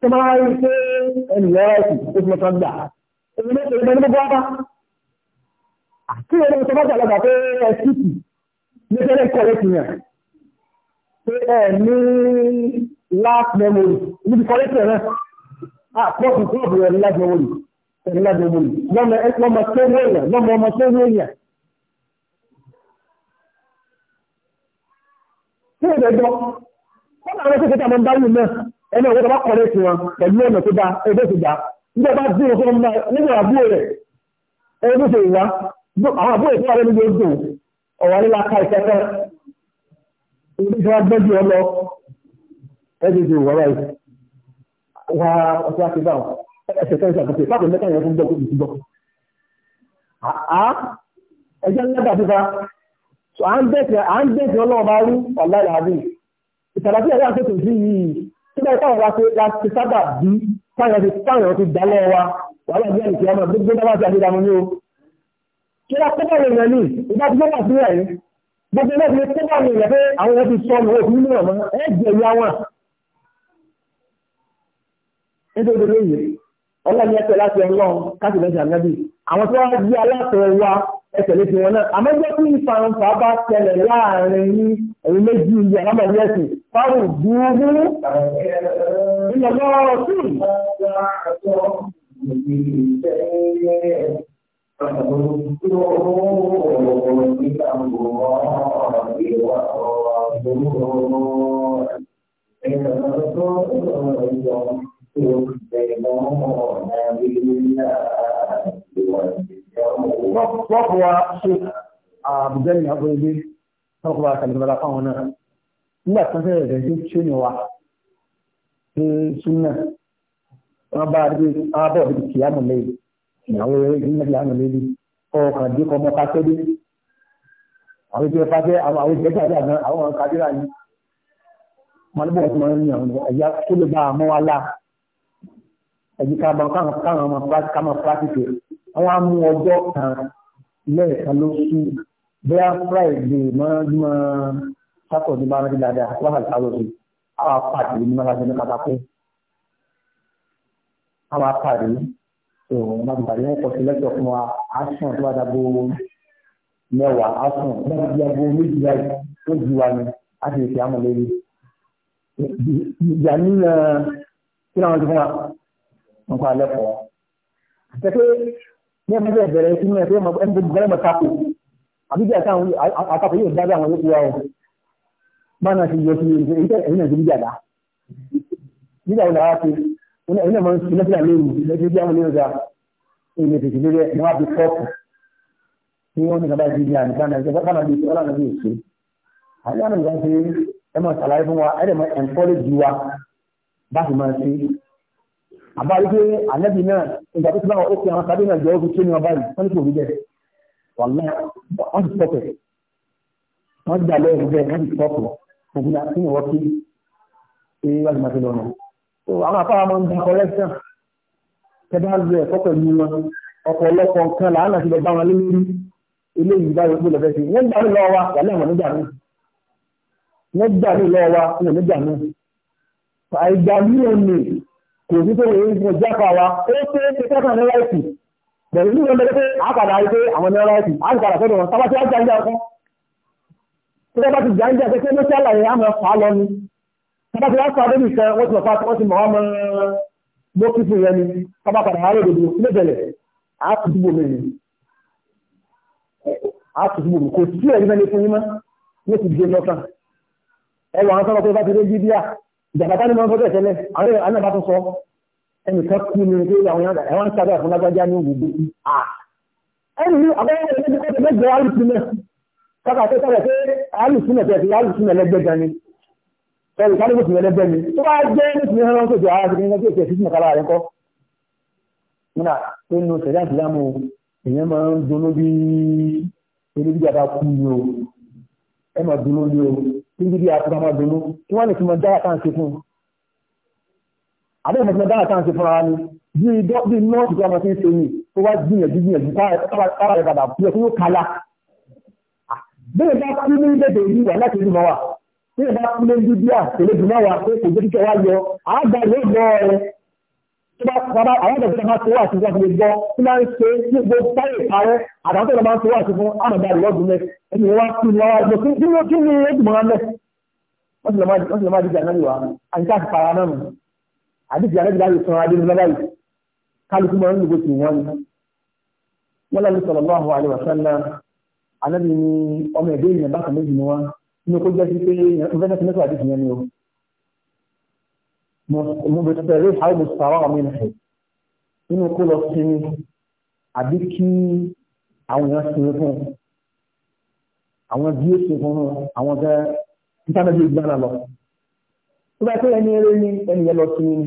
tó máa rí pé ẹnìyàn ẹ̀sì tó fi mọ́tọ́ gbà èyí ló ṣe ní gbogbo ọba àti ìwé ní sọfọ́tà lọ́gbà pé ẹ̀sìtì ní fẹ́rẹ̀ kọ́lé ti yàn pé ẹ̀ ní last memory níbi kọ́lé ti yàn náà àpọ̀jù tó bù ẹ̀ ní last memory ẹ̀ ní last memory lọ́mọ tó ní èèyàn lọ́mọ ọmọ tó ní èèyàn ẹni ọ̀wọ́ tó bá kọ̀lẹ́ sí wọn pẹ̀lú ọ̀nà tó bá ẹgbẹ́ tó gbà nígbà bá dín òkú ọmọ nígbà àbúrò rẹ̀ ẹni tó ṣe ìwá àwọn àbúrò tó wà lẹ́nu ló dùn ọ̀wọ́ nílá ká ìkẹ́kẹ́ ìlú ìṣẹ́ gbẹ́jì ọ lọ ẹni tó wọ́n báyìí wá ọtí wá ti bá wọn ẹsẹ̀ kẹ́ ìṣẹ́ àkọsí pápá mẹ́ta yẹn fún gbọ́kú ìṣúgbọ́ ẹjẹ́ ńlẹ́gbà fífa à ń bẹ̀sẹ̀ ọlọ́run bá rú ọ̀la ìlàdí ìtàlàfíà yà ń tètè nígbà táwọn wa ṣe la ti sábà bí táwọn ti táwọn ti dá lọ́wọ́ wa wàhálà bí àìsí ọmọ gbogbo náà wá sí àṣẹ ìdààmú ní o. kí ló kó báwọn èèyàn ní ìgbà tí wọ́n wà sí ẹ̀yìn gbogbo náà ti kó báwọn èèyàn pé àwọn èèyàn ti sọ ọmọ òkú nínú ọmọ ẹ jẹ ìyá wọn. nítorí lóye ọlọ́run yẹn tẹ̀ láti ọlọ́run káṣí lẹ́sìn àgbẹ̀bí àwọn tí wọ́n á gbé aláṣẹ wa ẹsẹ̀lẹ̀ tí wọn náà àmọ́jọ́ tí ìfàǹfà bá tẹlẹ̀ láàrin ní ẹ̀yìn méjì ìyí àlámọ̀lẹ́ ẹ̀sìn fáwọn gbúgbú ilẹ̀ sí. Thank you wọ́n kọ́ ṣe àbùjá àbúrò ilé wọ́n kọ́ fáwọn náà nígbà tí wọ́n rẹ̀ sí ṣé ni wa ṣe súnà wọ́n bá rí abọ́ bíi kìámù lẹ́yìn ìyàwó rẹ̀ ní kìámù lẹ́yìn ọkọ̀ àdékọ́ ọmọ pàṣẹ́dé àwọn ìjọba pàṣẹ àwọn ìjọba àti àwọn àwọn kàdíra yìí mọ̀lẹ́bọ̀ ọ̀tún máa ń yàn wọ́n ẹ̀yà tó lè bá àmọ́ wa láà ẹ̀yìn ká máa àwọn amú ọjọ́ kan lẹ́ẹ̀kan lóṣù bẹ́ẹ̀ friday mọ́júmọ́ sátọ̀dé bá rántí dáadáa wákàtí sáwọ́sì àwọn apáàdé ní mọ́sáàsì ní pátákó àwọn apáàdé òun máa gbàdé wọn kọ sí lẹ́tọ̀ fún wa asùn tó bá dàgbò mẹ́wàá asùn tó bá dàgbò méjìlá tó ju wa ni a sì fi àmọ̀ lórí ìjà níyàn eh, kí ni àwọn ti fún wa nǹkan alẹ́ pọ̀ ní ẹ̀mí bẹ́ẹ̀ bẹ̀rẹ̀ sí ní ẹ̀fẹ́ ẹ̀mí bẹ́ẹ̀ mọ̀ tako àbí bí àtàwọn àtakò yóò dábẹ́ àwọn yókù wa o bá náà ti yọ sí ẹ̀yìn ẹ̀yìn náà ti bíjà dá bíjà wọn làwọn ti ẹ̀yìn náà mọ̀ ní ẹ̀fíà lóru ẹ̀fíà bí àwọn lóru ga ẹ̀yìn ètò ìṣèlú rẹ̀ ni wọ́n á fi kọ́ọ̀pù ní wọ́n ní kaba ti di àná kánà ẹ̀jẹ̀ kánà bí ọlọ́run bí èso àyà náà nǹkan ṣe ẹ mọ̀ sàlàyé fún wa ẹ̀ àbá wípé ànẹ́bí náà ìgbà tó ti báwọn ó fi àwọn sábẹ́ náà jẹ́ ó fi tún ní ọba yìí wọ́n ní kò rí bẹ́ẹ̀ wàlá wọ́n ti pọ̀pẹ̀ wọ́n ti gbà lẹ́yìn bẹ́ẹ̀ wọ́n ti pọ̀pẹ̀ ògùn náà kí ni wọ́n kí ṣe wá ní màtí lọ́nà. àwọn afárá máa ń da kọ́lẹ́sàn kẹ́dá lu ẹ̀kọ́ pẹ̀lú wọn ọ̀pọ̀lọpọ̀ nǹkan làánà ti lọ bá wọn lórí kò sí tó wọ́n yìí mọ̀ jápa wa ó ṣe é ṣe kẹ́kọ̀ọ́ ní láìsì bẹ̀rẹ̀ ní ọmọdé pé àkàdà àìpé àwọn ní láìsì àkàdà sọ́dọ̀ wọn sábàtì àjàǹjà ọkọ tó bá ti jàǹjà kẹ́kẹ́ ló ṣàlàyé àmọ́ fà á lọ ni sábàtì wá sọ adébì kan wọ́n ti mọ̀ fà wọ́n ti mọ̀ wọ́n mọ̀ lókìtì yẹn ni sábà padà wà lódodo lébẹ̀lẹ̀ àtúntò mi àtúntò mi kò sí ẹ̀rí mẹ́lẹ́ fún yín mọ́ ló ti di ẹ̀ lọ́kàn ẹ̀ wọ́n sọ ìjàmbá ni mo ń fọ́jọ́ ìtẹ́lẹ̀ àwọn èèyàn náà bá tún sọ ẹnì kan kú ni pé àwọn èèyàn ẹ̀ wọ́n ń sábẹ́ fún lágbájá ní òwúgbó ẹnì ní àwọn èèyàn ní kókó mẹ́jọ alùsùnmẹ̀ kọ́kà tó sọ̀rọ̀ pé alùsùnmẹ̀ tẹ̀ sí alùsùnmẹ̀ lẹ́gbẹ̀ẹ́ ni sọ̀rọ̀ ìkálẹ̀ bó tìmẹ̀ lẹ́gbẹ̀ẹ́ ni tó bá jẹ́ ní tìmẹ̀ hàn sójú ara ti ní ni o ni o níbi àti ọmọ ìdùnnú tí wọ́n lè fi mọ dára tá à ń ṣe fún un àbẹ́ ìmọ̀ tí wọ́n dára tá à ń ṣe fún ara ni bí idọ́ bí nọ́ọ̀sì tí wọ́n ti ń ṣe ni tó wá gbìyànjú gbìyànjú kára rẹ̀ padà bí ẹ̀kú yóò kala bẹ́ẹ̀ bá kú ní bèbè yìí wà láti ìlú wa bẹ́ẹ̀ bá kú ní bíbí à tẹ̀lé jù náà wà pé kò jẹ́ kíkẹ́ wá yọ àgbà yóò gbọ́ bàbá àwọn ọ̀dọ̀ máa tó wà sí fún ọkùnrin gbọ́ tí máa ń ṣe ní gbogbo táyé parẹ́ àdáńtọ́ lọ máa ń tó wà sí fún àmàdà lọ́dún mẹ́ ẹni wá kí ni wọ́n wá gbọ́ kí ló kí ni ó dùn wọn lẹ̀ wọ́n ti lọ máa dìjà náà wà àyíká ti para náà mọ̀ àdìsí àlejò láti sọ adé nílá báyìí kálukú máa ń lùgbò sí wọn ni wọ́n lọ́nu sọ̀rọ̀ lọ́hùn àlè wàsánná anábì ni ọmọ ẹ̀dẹ́ ìyẹn bákan méjì ni wọ́n inú kó jẹ́ sí pé ìfẹ́ mọ̀bẹ̀tẹ̀rẹ̀ àwọn ìsàrọ̀ àmì ẹ̀ nínú kó lọ sinmi àbí kí àwọn èèyàn sinmi fún àwọn bí ó ṣe fún àwọn gẹ́ ìtànàbí ìgbàna lọ tó bá pé ẹni eré ní ẹni yẹn lọ sinmi ni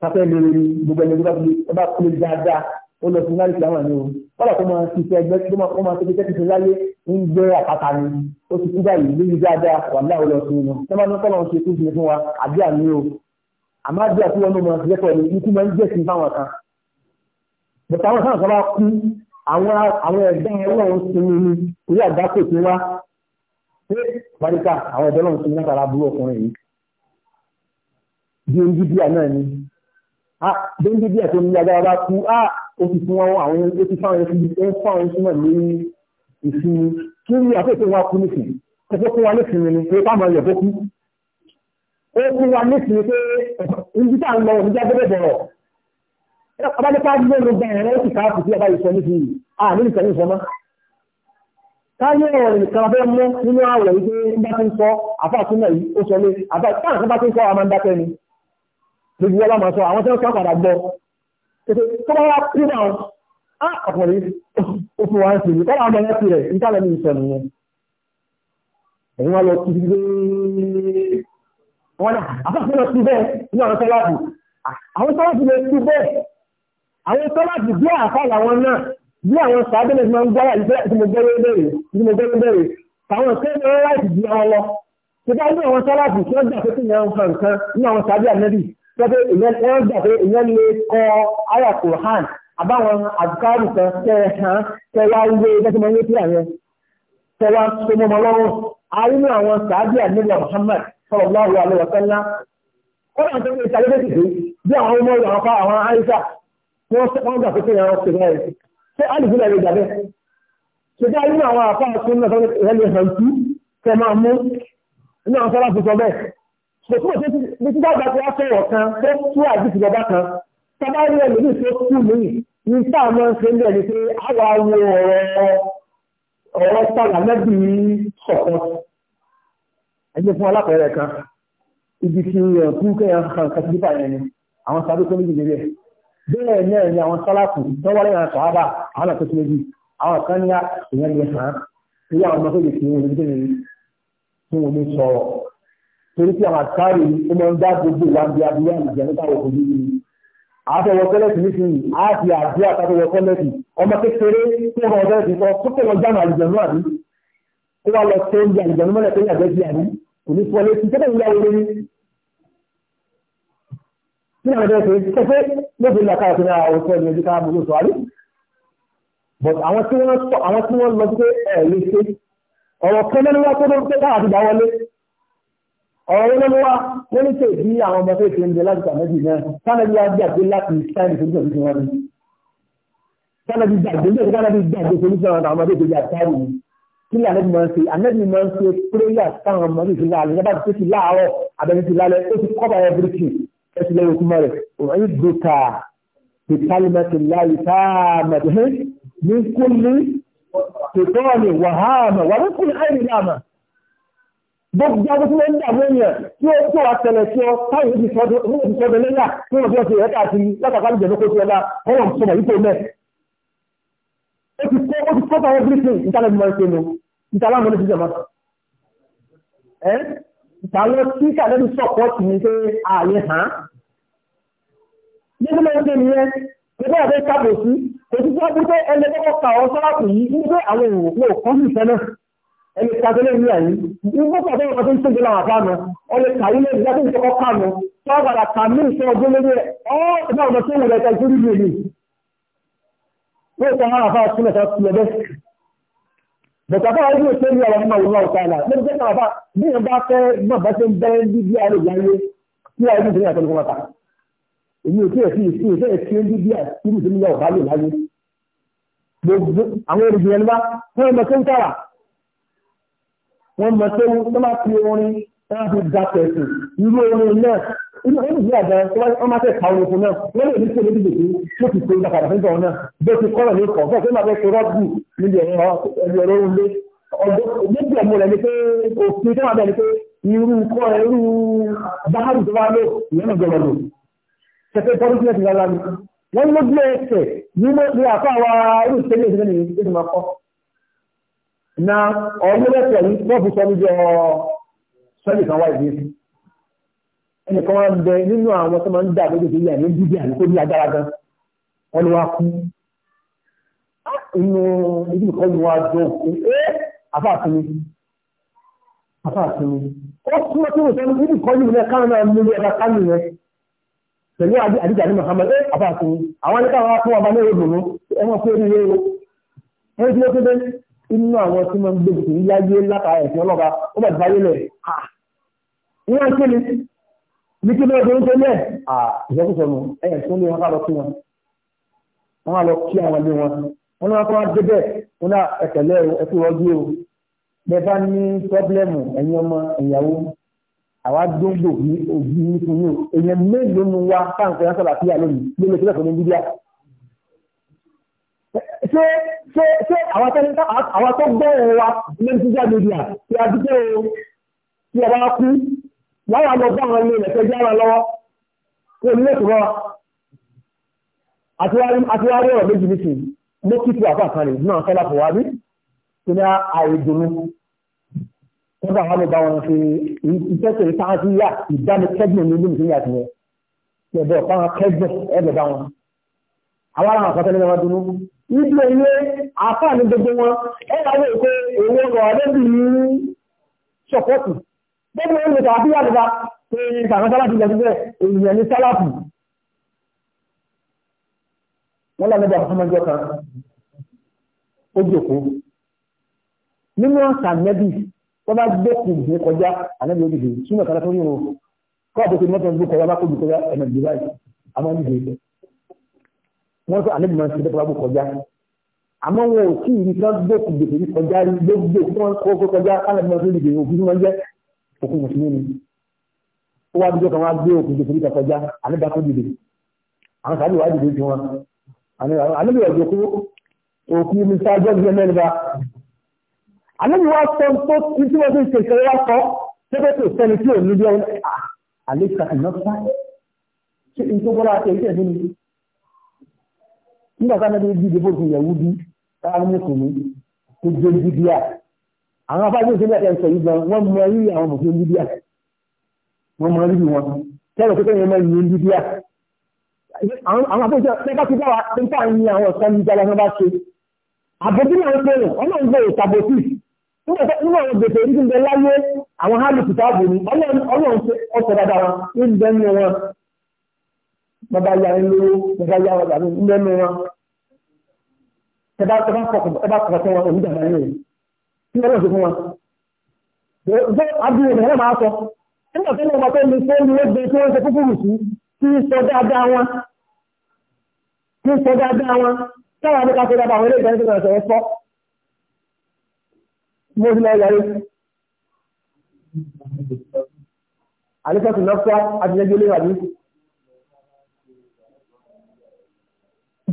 pápẹ́ lórí gbogbo ẹni tó bá pé dáadáa ó lọ sí ní àríkì àwọn ènìyàn kọ́lá tó máa ti fẹ́ ẹgbẹ́ tó máa tó fi tẹ́tí láyé ń gbé àpáta ni ó ti kú báyìí lórí dáadáa wà láwọn ọlọ́ sí inú tó máa ní kọ́lá ń ṣe tó ṣe fún wa àbí àmì o àmọ́ àbí àti wọn máa ti lẹ́kọ̀ọ́ ni ikú máa ń jẹ́ sí fáwọn kan bàtà àwọn sáà kan bá kú àwọn àwọn ẹ̀dá ọlọ́run sinmi ni orí àgbá kò sí wá pé bàríkà àwọn ẹ̀dá ọlọ́run sinmi látara burú ọkùnrin yìí bí oúnjẹ bíà náà ni bí ah, oúnjẹ bíà tó ní agbára bá kú ah, ó ti fún àwọn ó ti fáwọn ẹ̀sìn ó ń fáwọn ẹ̀sìn náà ní ìsinmi kí ni àpèsè wa kú nìsín ẹgbẹ́ fún wa nísìnyí ni pé káàmù ẹ̀yẹ̀ fókú ó fún wa nísìnyí pé ibi tá à ń lọ òní jágbẹ́rẹ́ bọ̀rọ̀ abájẹ́pá lónìí gba ẹ̀rọ ó sì káàkiri sí abáyé sọ nísìnyí à ní ìtẹ̀lé ìsọmọ́ káyé ọ̀rọ̀ nìkan abẹ́ mọ́ nínú àwọ̀ wípé ń bá ti ń sọ àfáàtúnà yìí ó sọ lé àbá táwọn kan bá ti ń sọ àwọn máa ń dákẹ́ ni gbogbo ọlá máa sọ àwọn tí wọ́n sọ padà gbọ́ ètò tó bá wá pín náà lọ kí bí wọ́n náà sí bẹ́ẹ̀ ní ọ̀rọ̀ sọ́láàbù àwọn sọ́láàbù lè sí bẹ́ẹ̀ àwọn sọ́láàbù bí àfà làwọn náà bí àwọn sàádẹ́lẹ̀ máa ń gbára ìfẹ́ tí mo pẹ́pẹ́ ìyẹn wọ́n gbà pé ìyẹn lè kọ àyà Qur'an àbáwọn àbùkárù kan tẹ́ hàn tẹ́ wá wé gẹ́gẹ́ mọ́ létí àyẹn tẹ́ wá tó mọ́ mọ́ lọ́rùn àrínú àwọn sàábì àdébà Muhammad sallallahu alaihi wasallam ó yàn tó ń ṣe àlébẹ́ tìṣe bí àwọn ọmọ ìlú àwọn àwọn Aisha wọ́n gbà pé kí wọ́n ṣe bẹ́ẹ̀ ṣé alùpùpù lè gbà bẹ́ẹ̀ ṣe dá àrínú àwọn àfáà tó ń lọ sọ́dọ̀ Bẹ̀tí bẹ̀tí bẹ̀tí bá gbàgbé wá sọ̀rọ̀ kan tó tú àdìsí lọ́ba kan. Tábà rí ẹlòmíì tó kú mí ní táà máa ń ṣe ń bẹ̀ ni pé àwa wo ọ̀rọ̀ ọ̀rọ̀ sàlà mẹ́bí sọ̀kan. Ẹgbẹ́ fún alápẹ̀rẹ̀ kan. Ibi tí kú kẹ́yàn kan kan síbà yẹn ni àwọn sábà tó méjì lérí ẹ̀. Bẹ́ẹ̀ náà ni àwọn sálàkù tó wọlé yàn sàábà àwọn àtọ́sí méjì. Àwọn kan ní ìyẹn lè hàn án. Ìyá àwọn ọmọ tó lè fi wọn lè torí pé àwọn àkárì ó máa ń dá gbogbo ìwádìí abúlé àlùjẹ nípa òkú yìí ni. àtọwọ kọlẹtì nísìnyí á fi àdé àtàtọwọ kọlẹtì ọmọ kékeré tó ń bọ ọjọ́ ìsìn kan tó kẹwọn jáàmù àlùjẹ náà àbí kó wá lọ tó ń di àlùjẹ mọ́lẹ̀ tó ń yàgbẹ́ di àbí kò ní fọlé sí kẹ́kẹ́ ìyá wọlé ní. kí ni àwọn ọ̀dọ́ ìsìn kẹfẹ́ lóde ní àkàrà tó ní àwọn ọ̀sẹ̀ ní ojú ká mú lóṣù àbí ọ̀rọ̀ ló wá wọ́n ní tè bí àwọn ọmọ tó ṣe ń bẹ láti tàmẹ́bì náà sálẹ̀bí wá gbàgbé láti sáyẹ̀nì tó ń tẹ̀sí wọn ni sálẹ̀bí gbàgbé ní sálẹ̀bí gbàgbé tó ń tẹ̀sí wọn àwọn ọmọ tó ṣe àtàrí ni kí ni àlẹ́bí máa ń ṣe àlẹ́bí máa ń ṣe pírẹ́yà sáwọn ọmọ tó ṣe láàrẹ̀ nígbà tó ṣe láàárọ̀ àbẹ̀bí ti lálẹ́ ó ti kọ́ báyọ̀ bíríkì ẹ ti lẹ́yìn okùnmọ́ rẹ̀ òun dùkà bí kálímẹ́tì gbogbo ọdún tí wọ́n ń dàbí ènìyàn tí ó tó àtẹ̀lẹ̀ tí ọ táwọn ìdí sọ́dọ̀ lẹ́yà tí wọ́n fi ọ̀sẹ̀ ẹ̀ka àti látàkà ní ìjẹ̀dọ́kọ̀ tí ọlá ọ̀rọ̀ sọ̀rọ̀ yìí tó mẹ́. ó ti kọ́ ó ti kọ́ bá everything ìtàlẹ́ mi máa ń ṣe lò ìtàlẹ́ àwọn olóṣèlú jẹ̀mọ́. ẹ tí ìtàlẹ́ sọ̀kọ́ tì mí pé ààyè hàn. nígbà máa ń ṣe nìyẹn nígbà yàtọ̀ ìtàbòsí kò sí ẹni kàtẹ́lẹ̀ ní àyí ìgbó pàtó ọkọ̀ tó ń tóbi láwọn àfáàmù ọlẹ́ kàyí lè gbá tó ń tọkọ kàmù tọ́gbàdà kàmí ìṣẹ́ ọdún lórí ẹ̀ ọ́ ọ̀dọ́ ọ̀dọ́ tó wùlẹ̀ ẹ̀ka ìṣorí mi ni. wọ́n sọ wọn àfáà sílẹ̀ tó ti lẹ́bẹ̀. bẹ̀tà fún àwọn ìṣẹ́ ní ọ̀rọ̀ mímọ̀ wùlọ̀ ọ̀tá àlà lórí jẹ́ kàwá bí wọ́n bá fẹ́ mọ̀ bá ṣe ń bẹ́rẹ̀ ń bíbí àlè yáyé kí wọ́n ní ìṣẹ́yà tẹ́lẹ̀ kọ́mọ́ta. èmi ò tíyẹ̀ sí ìṣe ìṣe ìṣe ń bíbí àti ìṣe ìṣe ìyá ọ̀bá lè láyé. gbogbo àwọn olùgbìyànjú wa fún ọmọ tó ń tààrà wọ́n mọ̀ pé wọ́n máa fi orin wọ́n á fi da pẹ̀sì irú orin náà inú ẹni ìdílé àgbà wọ́n máa fẹ́ ka orin fún náà wọ́n lè ní sí olóbi dèjì tó ti ṣe ìdàkàdà fún ìgbọ̀n náà bó ti kọ́rọ̀ ní ìkọ̀ fún ìgbà fẹ́ rọ́bì níbi ẹ̀rọ orin lé méjì ọmọ rẹ̀ ni pé òfin tó máa bẹ̀ ni pé irú kọ́ irú báhárù tó wá lò ìyẹn náà gbọ́dọ̀ lò ṣẹ̀fẹ̀ bọ́dún tí wọ́n ti na ọlọ́lẹ́pẹ̀ yìí wọ́n fi sọ ní jọ sẹ́nìkan wá ìdí ẹnìkan wá ń bẹ nínú àwọn tó máa ń dà lójú tó yà ní bíbí àti tó ní agbára gan kú inú ibi ni jọ òkú ẹ afáàfin afáàfin ó súnmọ́ tí mo sọ ní ibi ni mo káwọn náà mú ẹ̀ka kánú pẹ̀lú àdìjà ní inú àwọn tí wọ́n ń gbé ìsìn yáyé látara ẹ̀sìn ọlọ́ba ó bẹ̀ fáyé lẹ̀ ìwọ̀n kí ni ní kí lóòdù ń tẹ́lẹ̀ ìjọkùsọ nù ẹ̀yẹ̀ tó lé wọn ká lọ kí wọn wọn á lọ kí àwọn ilé wọn wọn náà kọ́ débẹ̀ wọn náà ẹ̀tẹ̀lẹ́ o ẹ̀kú rọ́jú o bẹ́ẹ̀ bá ní pọ́blẹ́mù ẹ̀yin ọmọ ìyàwó àwa dóńgbò ní òbí nìkan yóò èèyàn mélòó nu wa táǹkì ránṣẹ́ làtúyà lónìí lónìí sílẹ̀ fún ní bíbíà ṣé ṣé àwọn tó gbọ́rọ̀ wa lórí social media tí a dúpẹ́ o tí a bá kú wọ́n wà lọ bá àwọn ilé rẹ̀ fẹ́jọ́ ara lọ́wọ́ kó ní ètò wọn àti wá rí ọ̀rọ̀ méjì ní sìn mo kí ti àpá kan rè náà fẹ́ lápò wá bí kí ní àìdùnnú kódà wọn lè bá wọn fi ìtẹ́sẹ̀ ìtàkì yá ìdánikẹ́gbọ̀n ní ilé ìpínlẹ̀ àtìwọ́ ẹ̀bẹ̀ ọ̀pá wọn kẹ́gbọ̀n ẹ̀bẹ̀ bá wọn àwọn àwọn àkọ́tẹ́lẹ́ wọn dúró níbi ilé àfáà ní gbogbo wọn ẹ̀rọ àwọn èkó èwọ ọ̀rọ̀ ọ̀dẹ́bì ní ṣọ̀pọ̀tù gbogbo ohun ètò àbíyà nípa pé ìtàkùn sálàfù jẹ́ síbẹ̀ èèyàn ní sálàfù wọ́n lọ mẹ́jọ fún ọjọ́ kan ó jòkó nínú ọ̀sà mẹ́bí tó bá gbé kùnú kọjá ànábi olùdè súnmọ̀ kan tó rí wọn kọ́ àbòkè mọ́tò ń gbé kọjá bá kó jù kọjá ẹ̀mẹ̀dì báyìí àmọ́ ní ìgbésẹ̀ wọ́n sọ àlejò máa ń ṣe dẹ́pọ̀ lábò kọjá àmọ́ wọn ò tí ì rí kan gbòkú gbèsè rí kọjá rí gbogbo tí wọ́n kó kó kọjá kálẹ̀ máa ń ṣe òkú tí wọ́n jẹ́ òkú mùsùlùmí ni ó wá dúró kan wá gbé òkú gbèsè rí kọjá àlejò kó dìde àwọn sábà wá dìde tiwọn àlejò ọ̀dọ́ kú òkú mi sáájọ́ bí ẹni bá àlejò wá sọ tó tí wọ́n ti ṣe ìṣẹ̀lẹ̀ wá sọ nígbà táwọn ẹgbẹ́ gidi bó fún ìyàwó bí táwọn mùsùlùmí tó gbé gidi à àwọn afáàjì òṣèlú àti ẹ̀sọ̀ yìí gan wọ́n mọ rí àwọn mùsùlùmí gidi à wọ́n mọ rí wọn tẹ́lẹ̀ tó kẹ́yìn ìyẹn àwọn àwọn bá ń àwọn ọ̀sẹ̀ bàbá ya ń lówó bàbá ya ọjà mi lẹ́nu wọn ẹ bá kọ̀ọ̀kan fún wọn onídàgbà yẹn rẹ̀ kí wọ́n lọ sí fún wọn. ṣé abúlé ìrìn máa sọ nígbà tó ní ọmọ tó ní fóònù ló gbé tí wọ́n ṣe kúkúrú sí kí ń sọ dáadáa wọn kí ń sọ dáadáa wọn táwọn àbúkà ṣe dáadáa àwọn eléyìí tó ń sọ mo ti lọ yọrí. àlùfáà tó lọ fọ́ adìyẹ́gbẹ́lẹ́ wà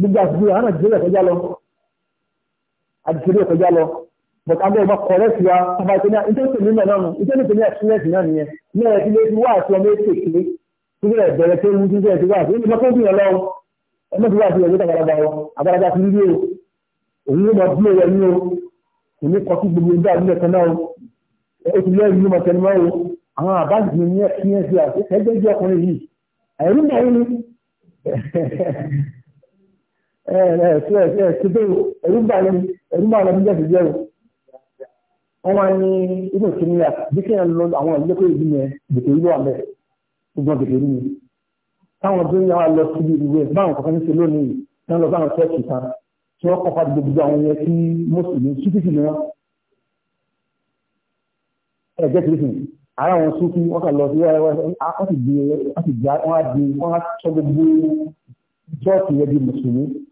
gbogbo àdúgbò àwọn àdúgbò ẹ̀kọ́já lọ àdúgbò ẹ̀kọ́já lọ bọ̀tà bẹ́ẹ̀ bá kọ̀rẹ́tì wa ọba ìpínlẹ̀ nítorí tèmi náà nù nítorí tèmi ẹ̀sìnlẹ̀sì náà nìyẹn ní ẹ̀rẹ́ tí lè fi wá àti ọmọ ètò ìpínlẹ̀ tó bẹ̀rẹ̀ bẹ̀rẹ̀ tó ń tún bẹ̀rẹ̀ tó wà sí ìlú mọ́tò ìyẹn lọ ẹmọ́ tó wà sí ìyẹn tó tàgbàlagbà wọn àgbàlagbà ti rí o òun ló mọ bí ẹ̀rọ ní o kò ní kọtí gbogbo ìgbà nílẹ̀ kan náà o ti lé ìlú mọ̀tẹ́ ni wọ́n o àwọn àbájì ní ẹ̀sìnlẹ̀sì àti ẹgbẹ́ jẹ́ ọkùnrin yìí àìrí màá ní ẹ ẹ ṣe ẹ ṣe ṣe bẹ́ẹ̀ ẹ̀rú bá lẹ́nu ẹ̀rú bá lẹ́nu jẹ́ ìjẹ́ o. wọ́n wá ní inú kìnìyà bí kéèyàn lọ àwọn ìlú kó ìlú yẹn bèkè ìlú àmẹ́ gbọ́n bèkè ìlú yẹn. táwọn tó ń yà wá lọ síbi ìwé báwọn kankan ní ṣe lónìí náà lọ báwọn ṣẹ́ẹ̀kì kan tí wọ́n kọ́ fàdé gbogbo àwọn yẹn tí mùsùlùmí súkìsì ni wọ́n. ẹ jẹ́ kìí sìn ara wọn súnkì wọ́n kà lọ sí wọ́n ti di wọ́n á sọ gbogbo jọ́ọ̀tì yẹn di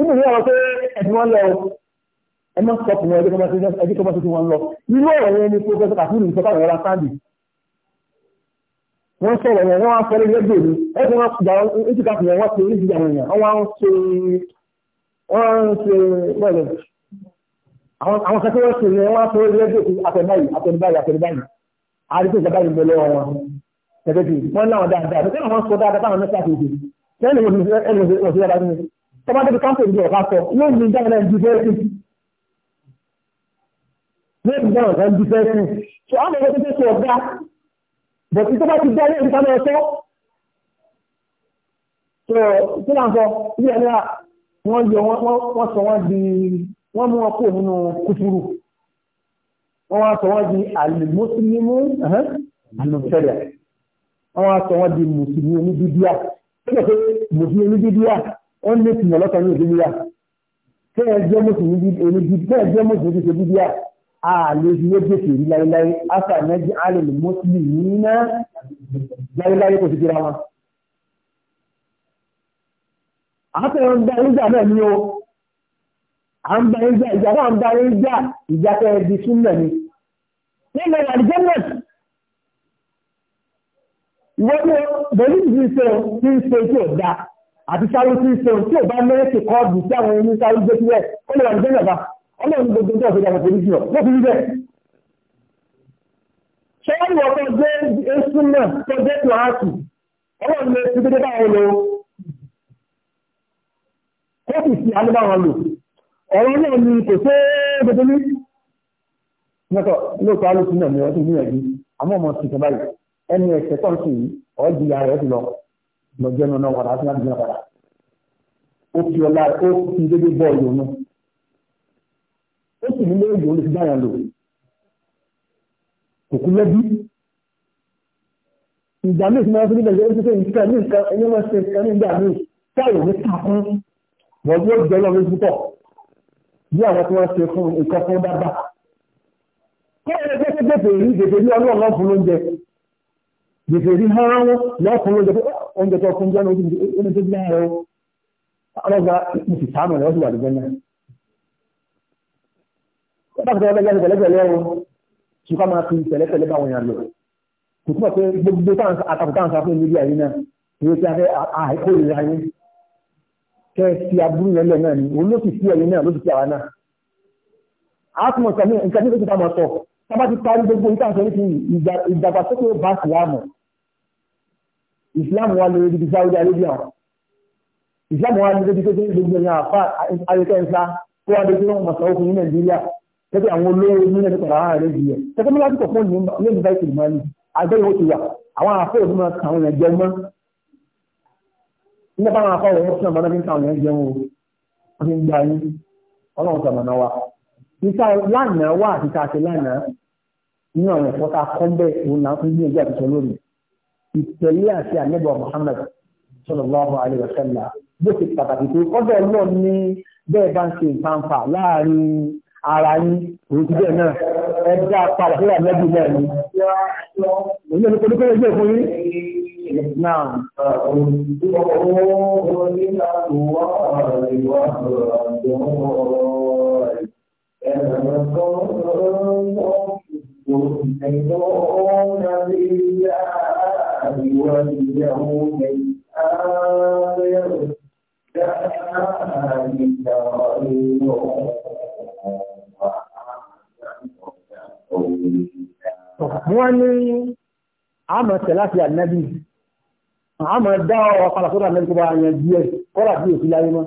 inú ní ọ̀rọ̀ pé ẹ̀sìn wọn lọ ẹ má sọ fún ẹjẹ́ kọ́ máa tuntun wọn lọ inú ọ̀rọ̀ yẹn ni pọ́fẹ́sọ̀ kàfíìlì sọ fáwọn ẹ̀rọ sáàdì wọ́n sọ̀rọ̀ yẹn wọ́n á sọ lórí ẹgbẹ́ mi ẹgbẹ́ wọn gbà ètò kàfíìlì yẹn wọ́n ṣe ní ìdíjà wọn yẹn wọ́n ń ṣe wọ́n ń ṣe wọ́ọ̀lẹ̀ àwọn kẹ́kẹ́ wọ́n ṣe yẹn wọ́n á sọ lórí ẹgbẹ́ mi àtẹnibáyì àtẹnibáyì àtẹnibáyi àdìgbò ìjọba yìí bẹ lọ́wọ́ wọn gẹ́gẹ́ bí wọ́n láwọn dáadáa tọ́ba débi káńpọ̀ ìdílé ọ̀gá sọ yóò ní ìjà náà di fẹ́ẹ́sì yóò ní ìjà náà di fẹ́ẹ́sì so àwọn ọmọ tuntun sọ ọ̀gá bọ̀tí tó bá ti dá yóò ní káńpọ̀ ọ̀sọ́ so kí là ń sọ ilé ẹ̀rọ wọn yọ wọn sọ wọn di wọn mú wọn kó nínú kúfúrú wọn wá sọ wọn di àlùmọ́sílímù àlùmọ́sẹ̀lẹ̀ wọn wá sọ wọn di mùsùlùmí onídídíà ó ní ìtumọ̀ lọ́tọ̀ ní ìdílé kẹ́ẹ̀ jẹ́ mùsùlùmí ṣe bíbí à lè fi yéjì sí rí láíláí ásà mẹ́jì alẹ́ lè mùsùlùmí náà láíláí kò sí kíra wọn. àtẹ̀wọ̀n ń bá ìjà náà ní o à ń bá ìjà ìjà náà ń bá ìjà ìjà kẹ́ di súnmọ̀ ni. nínú ìrìnàjò náà ìwọ́n ní bẹ̀rù ti ṣe ti ṣe tí ò dáa àti sáré tí ń sọ tí ò bá mẹ́rẹ́kì kọ́ọ̀dù tí àwọn ẹni sáré gbé sílẹ̀ ó lè wà ní jẹ́nàbá ọlọ́run gbogbo tó ọ̀fẹ́ ìjàpọ̀ polisi náà ló fi rí bẹ́ẹ̀. ṣé wọ́n wọ́n tó gbé esu náà tó gbé tó áàtù ọlọ́run lè fi dédé báwọn lò ó sì fi alẹ́ báwọn lò ọ̀rọ̀ náà ni kò sé gbogbo ní. mẹ́tọ̀ lóòótọ́ alóòtú náà ni wọ́n ti gbìyànjú àmọ́ ọmọ tuntun báyìí ẹni ẹ̀sẹ̀ tó ń sìn yìí ọ̀ lọ́jọ́ náà náà padà síláàbù náà padà ó fi ọlá ó fi dédé bọ́ọ̀lù ọ̀nà ó sì nílé èyí ó lè fi dáyà lò kò kú lẹ́bí ìgbà míì tí wọ́n fi nílẹ̀ yóò ṣe nǹkan ní nǹkan ẹni wọ́n ṣe nǹkan ní ìgbà míì táyọ̀ ní takún wọ́n yóò jẹ́ lọ́wọ́ púpọ̀ bí àwọn tí wọ́n ṣe fún nǹkan fún dábàá kí ẹni tó ṣe gbèsè rí gbèsè rí ọlọ́run lọ́fun lóúnjẹ gbèsè rí hánrán lọ́fun lóúnjẹ pé oúnjẹ tó fún jẹ́ lórí tó gbẹ́ ẹ̀rọ ọlọ́gbà mo sì sáàmù rẹ̀ ó wà lójẹ́ náà pàtàkì ọlọ́gbà jáde pẹ̀lẹ́pẹ̀lẹ́ o kí ká máa fi pẹ̀lẹ́pẹ̀lẹ́ bá wọn yàn lọ kò túmọ̀ pé gbogbo àtàkùtà nǹkan fún ìlú àyè náà ìwé tí a fẹ́ àìkó ìlú ayé kẹ́ ti aburú yẹn lẹ̀ náà ni òun ló sì fi ẹ̀yìn náà ló sì fi àwa náà a tún mọ̀ sọ ní nǹkan tí ó ti ta mọ̀ sọ islam wà lórí ibi Saudi Arabia islam wà lórí ibi tó ti ń gbogbo ẹ̀yàn àfa ayẹkẹ́ ńlá kó wá dojú wọn mọ̀sán òkun ní Nàìjíríà tẹ́tẹ́ àwọn olówó ní ẹ̀dẹ́kọ̀ àwọn ààrẹ yìí ẹ̀ tẹ́tẹ́ mọ́lá tó fún ní ní báyìí tìlùmọ́ ni àgbẹ̀yìn ó ti wà àwọn afọ òfin máa kà àwọn ẹ̀jẹ̀ mọ́ nígbà táwọn afọ òfin fún ọmọdé ń kà àwọn ẹ̀jẹ̀ wọn ó ti ń gba yín ọlọ́run sọ̀mọ̀nà wa níta lánàá wà àti káàkiri lánàá nínú àwọn ẹ̀fọ́ tá a kọ́ bẹ́ẹ̀ òun náà fún ilé ẹ̀jẹ̀ àtúntò lónìí ìtẹ̀lé àti àníbọ̀ Muhammad sallallahu alaihi wasallam bó ti pàtàkì tó kọ́dọ̀ náà ní bẹ́ẹ̀ bá ń ṣe ìfànfà láàrin ara yín òun ti bẹ́ẹ̀ náà ẹ dá padà sí àmẹ́bí náà ni. òun náà ní kọ́dọ̀ kọ́dọ̀ yóò fún yín. Náà. Ẹ̀rọ kan ń lọ sí ìgbòho ìgbòho ìgbòho ìgbòho يوليه الآخر ذلك خير wọ́n ní àmà tẹ̀láti ànábì àmà dá ọ̀rọ̀ padà sọ́dọ̀ ànábì tó bá yẹn díẹ̀ kọ́lá bí òfin láyé mọ́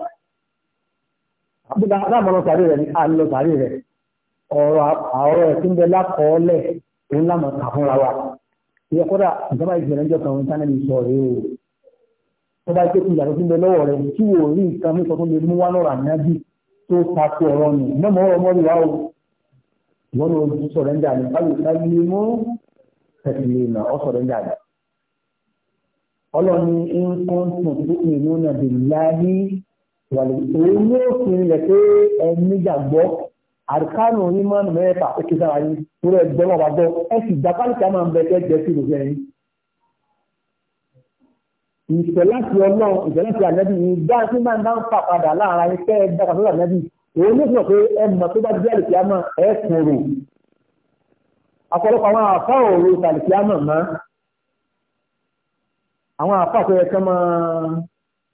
àbúdá àmà lọ sàárè rẹ̀ ní àlọ́ sàárè rẹ̀ ọ̀rọ̀ ẹ̀sìn bẹ lákọọ́lẹ̀ ìyẹn kódà nǹkan báyìí ṣẹlẹ̀ níjọ́ kan ìtánẹ́ẹ̀tì sọ rèé o tó bá jẹ́ kí ìyàtọ̀ sí ń bẹ lọ́wọ́ rẹ tí wò rí nǹkan mi sọ tó lè mú wá lọ́rọ̀ ànábì tó takò ọ̀rọ̀ nù mọ́mọ́ ọ̀rọ̀ mọ́rí wa o ìwọ́n ló sọ̀rọ̀ ń jà ní báyìí ní mú tẹ̀lé nà ọ́ sọ̀rọ̀ ń jà ní. òfin lẹ̀ pé ẹni gbàgbọ́ àríkánù onímọ̀nù mẹ́ta òkè sára yín torí ẹgbẹ́ wọn bá gbọ́ ẹ sì gba kálíkà máa ń bẹ kẹ́ jẹ́ sí ìròyìn ẹ̀yìn. ìfẹ́ láti ọlọ́run ìfẹ́ láti ànábì ní gbá sí máa ń bá ń fà padà láàárín ayé fẹ́ dákà sọ́dọ̀ ànábì òun ló sọ pé ẹ mọ̀ tó bá jẹ́ àlìkíámọ̀ ẹ kúrò. ọ̀pọ̀lọpọ̀ àwọn àfa òru àlìkíámọ̀ mọ́ àwọn àfa àpẹẹrẹ kan máa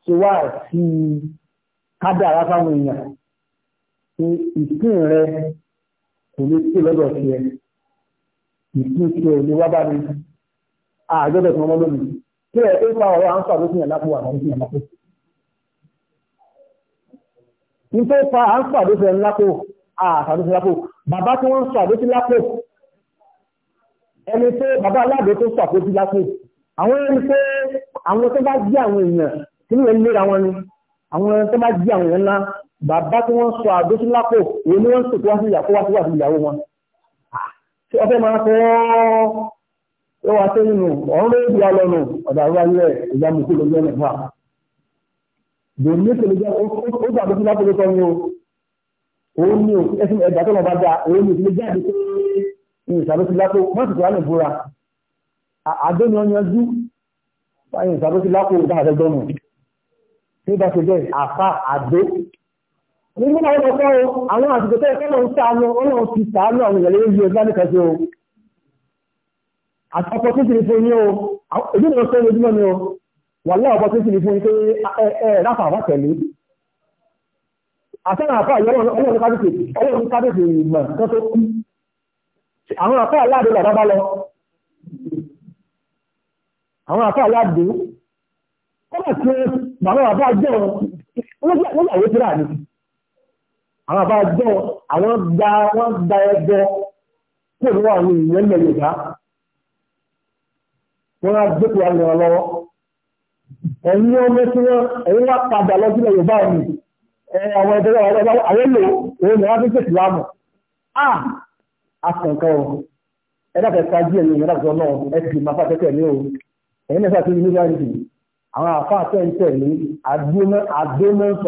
ṣe wá sí kádàrá fáwọn èèyàn pé ìpín rẹ kò lè sí lọ́dọ̀ sí ẹ ìpín sí ẹ ní wá bá mi àjọbẹ̀ tí wọ́n mọ́ lónìí kí ẹ pé fáwọn ọ̀rọ̀ à ń sọ àdókùn yẹn lápò àwọn àdókùn yẹn lápò. nítorí fa à ń sọ àdókùn yẹn lápò àtàdókùn yẹn lápò bàbá tí wọ́n ń sọ àdókùn lápò ẹni pé bàbá aláàbò tó sọ àkójú lápò àwọn ẹni pé àwọn tó bá jí àwọn èèyàn kí ni wọ́n lé ra wọn ni àwọn tó bá jí bàbá tí wọ́n sọ àdó sí lápò òun ni wọ́n sì wá sí ìyàkó wá sí wà sí ìyàwó wọn ṣé ọfẹ́ máa fọ́ ó wá sí nínú ọ̀run lórí ìdíwà lọ́nu ọ̀dà àrùbá ilẹ̀ ìyàmù kúlò jẹ́ nìkan dòní ìṣèlú jẹ́ ó gbàgbé sí lápò lótọ́ ni o òun ni o ẹsìn ẹ̀dá tó lọ bá dáa òun ni ìṣèlú jáde pé ìṣàdó sí lápò wọ́n sì tó wá lè búra àdó ni wọ́n yanjú ìṣàdó sí lápò ìdáhàfẹ́ gbọ́nù nígbà tó jẹ́ àfa àdó nígbà náà wọ́n kọ́ àwọn àtìkò tó ẹ̀kọ́ náà ń sàánú ọlọ́run ti sàánú àwọn ìyàlẹ́ yìí ọjọ́ sí o àti ọkọ̀ tó tìrì fún yín o èdè náà sọ ojúmọ́ ni o wà láwọn ọkọ̀ tó tìrì fún yín pé ẹ ráfà àbá tẹ̀lé àtẹ́nà àfà yọ ọlọ́run kábíyèsí ọlọ́run kábíyèsí ìmọ̀ tó tó wọ́n yàwó àwọn àbá jẹ́ àwọn gba wọ́n gba ẹgbẹ́ pẹ̀lú àwọn èèyàn lẹ̀ Yorùbá wọ́n á gbé pẹ̀lú àwọn ọ̀rọ̀ lọ́wọ́ ẹ̀yin ọmọ tí wọ́n ẹ̀yin wá padà lọ sílẹ̀ Yorùbá mi àwọn ẹgbẹ́ wọn lọ́wọ́ àwọn èlò òun ni wọ́n fi ṣètì láàmù a àtànkàn o ẹ̀dá kẹta jí ẹ̀yin ẹ̀dá kẹta náà ẹ̀ sì máa fàtẹ́kẹ̀ ní o ẹ̀yin náà fàtẹ́kẹ̀ ní àwọn àfáà tẹ̀ ń tẹ̀ ní àgbémọ́ àgbémọ́ sọ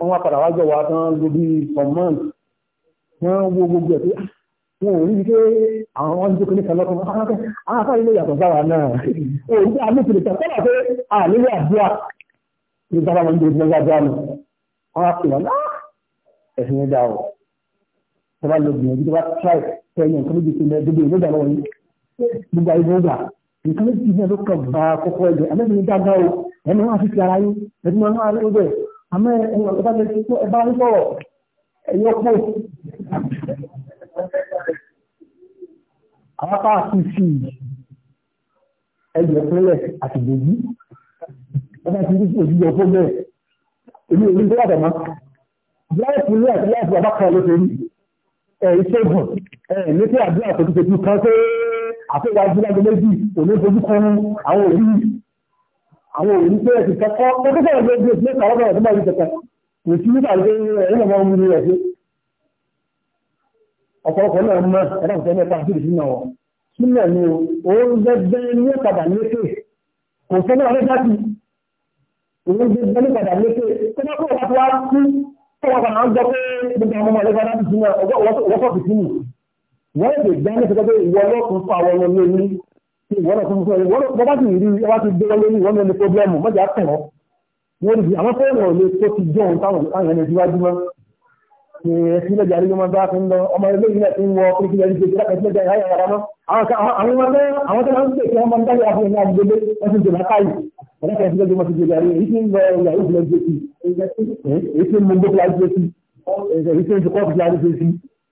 wọ́n wá padà wájọ wa tán lóbi command wọ́n wo gbogbo ẹ̀ pé ah, wọn ò rí i pé àwọn wọn jókòó ní kàlọ́kọ̀ àwọn afárí ah, ah, ló yàtọ̀ sáwà náà òun tí a ní kìlì kan kọ́lá pé àlejò àdúrà ní sábà máa ń dèrò nígbà dáa nù wọ́n á pè wọ́n náà ẹ̀sìn ẹ̀dá ọ̀ tó bá lọ gbìyànjú tó bá tíráì tẹ̀yìn nǹkan méjì tó lẹ gbogbo ìlú ìdáná wọ̀nyí gbogbo ayé gbogbo nǹkan méjì náà ló kàn bá kókó ẹ̀jẹ̀ àmẹ́sìn ní dáadáa o ẹni wọn á fi ti ara yín ẹni wọn á àmọ́ ẹ̀yìn ọ̀gá lè fi ẹ̀bá ń sọ̀rọ̀ ẹ̀yọ́ pò. àwọn apá àti sí ẹgbẹ̀ pínlẹ̀ àti gbòógì ọba ti rí sí òjijì ọkọ bẹ́ẹ̀ èmi ò ní bí wàdà máa láìpù ní àti láìpù bàbá kan ló torí ẹ̀ ìṣègùn ẹ̀ ní kí àdúrà tó ti tètè kan pé àfẹ́wájú lágbo méjì òní fojú kan àwọn òbí àwọn òní pé ẹ̀sìn kẹ́kọ́ kẹ́kọ́ ẹgbẹ́ ẹgbẹ́ ìpínlẹ̀ ìpínlẹ̀ ọ̀rọ̀ ẹ̀sìn báyìí kẹ́kọ́ kò sí nípa ìgbé ẹ̀yìn ọmọ ọmọ rẹ̀ sí ọ̀pọ̀lọpọ̀ náà mọ́ ẹ̀rọ ìfẹ́ mẹ́ta àti ìdí náà sílẹ̀ ni ó ń gbẹ́gbẹ́ ní ọ̀kadà lékè kò sọ́nà ọ̀rẹ́ dákì ó ń gbẹ́gbẹ́ ní ọ̀kadà lékè kọ́nà kó wà wá sí ọ̀wọ́ kan náà gbọ́ pé gbogbo àwọn ọmọ ẹ̀lẹ́gbẹ́ láti sí náà ọwọ́ sọ̀tù sí ni wọ́n lè gbẹ́ ní ìfẹ́ wọ́n fún fún ẹ̀yìn wọ́n bá sì rí ọwá ti gbé lórí wọ́n lè pọ́blẹ́mù mọ́jà kàn ọ́ wọ́n rí àwọn fóònù ọ̀lẹ́ tó ti jọ ohun táwọn ènìyàn ti wájú mọ́ ní ẹ̀sìn lẹ́jà rí ọmọ bá fi ń lọ ọmọ ilé ilé ti ń wọ kíríkírí ẹni ti lẹ́jà ìyá ìyára mọ́ àwọn ń pè kí wọ́n máa ń dáyà fún ẹ̀yà ti jẹ̀ lákàyè ọ̀lẹ́kẹ̀ ẹ̀sìn ti ń lọ ìyá ìjìnlẹ̀ ti ń mú gbogbo àjẹ́ ti ń fi kọ́ọ̀tù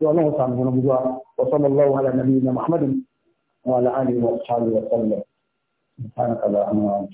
والله تعالى ونبوة وصلى الله على نبينا محمد وعلى آله وصحبه وسلم سبحانك اللهم وبحمدك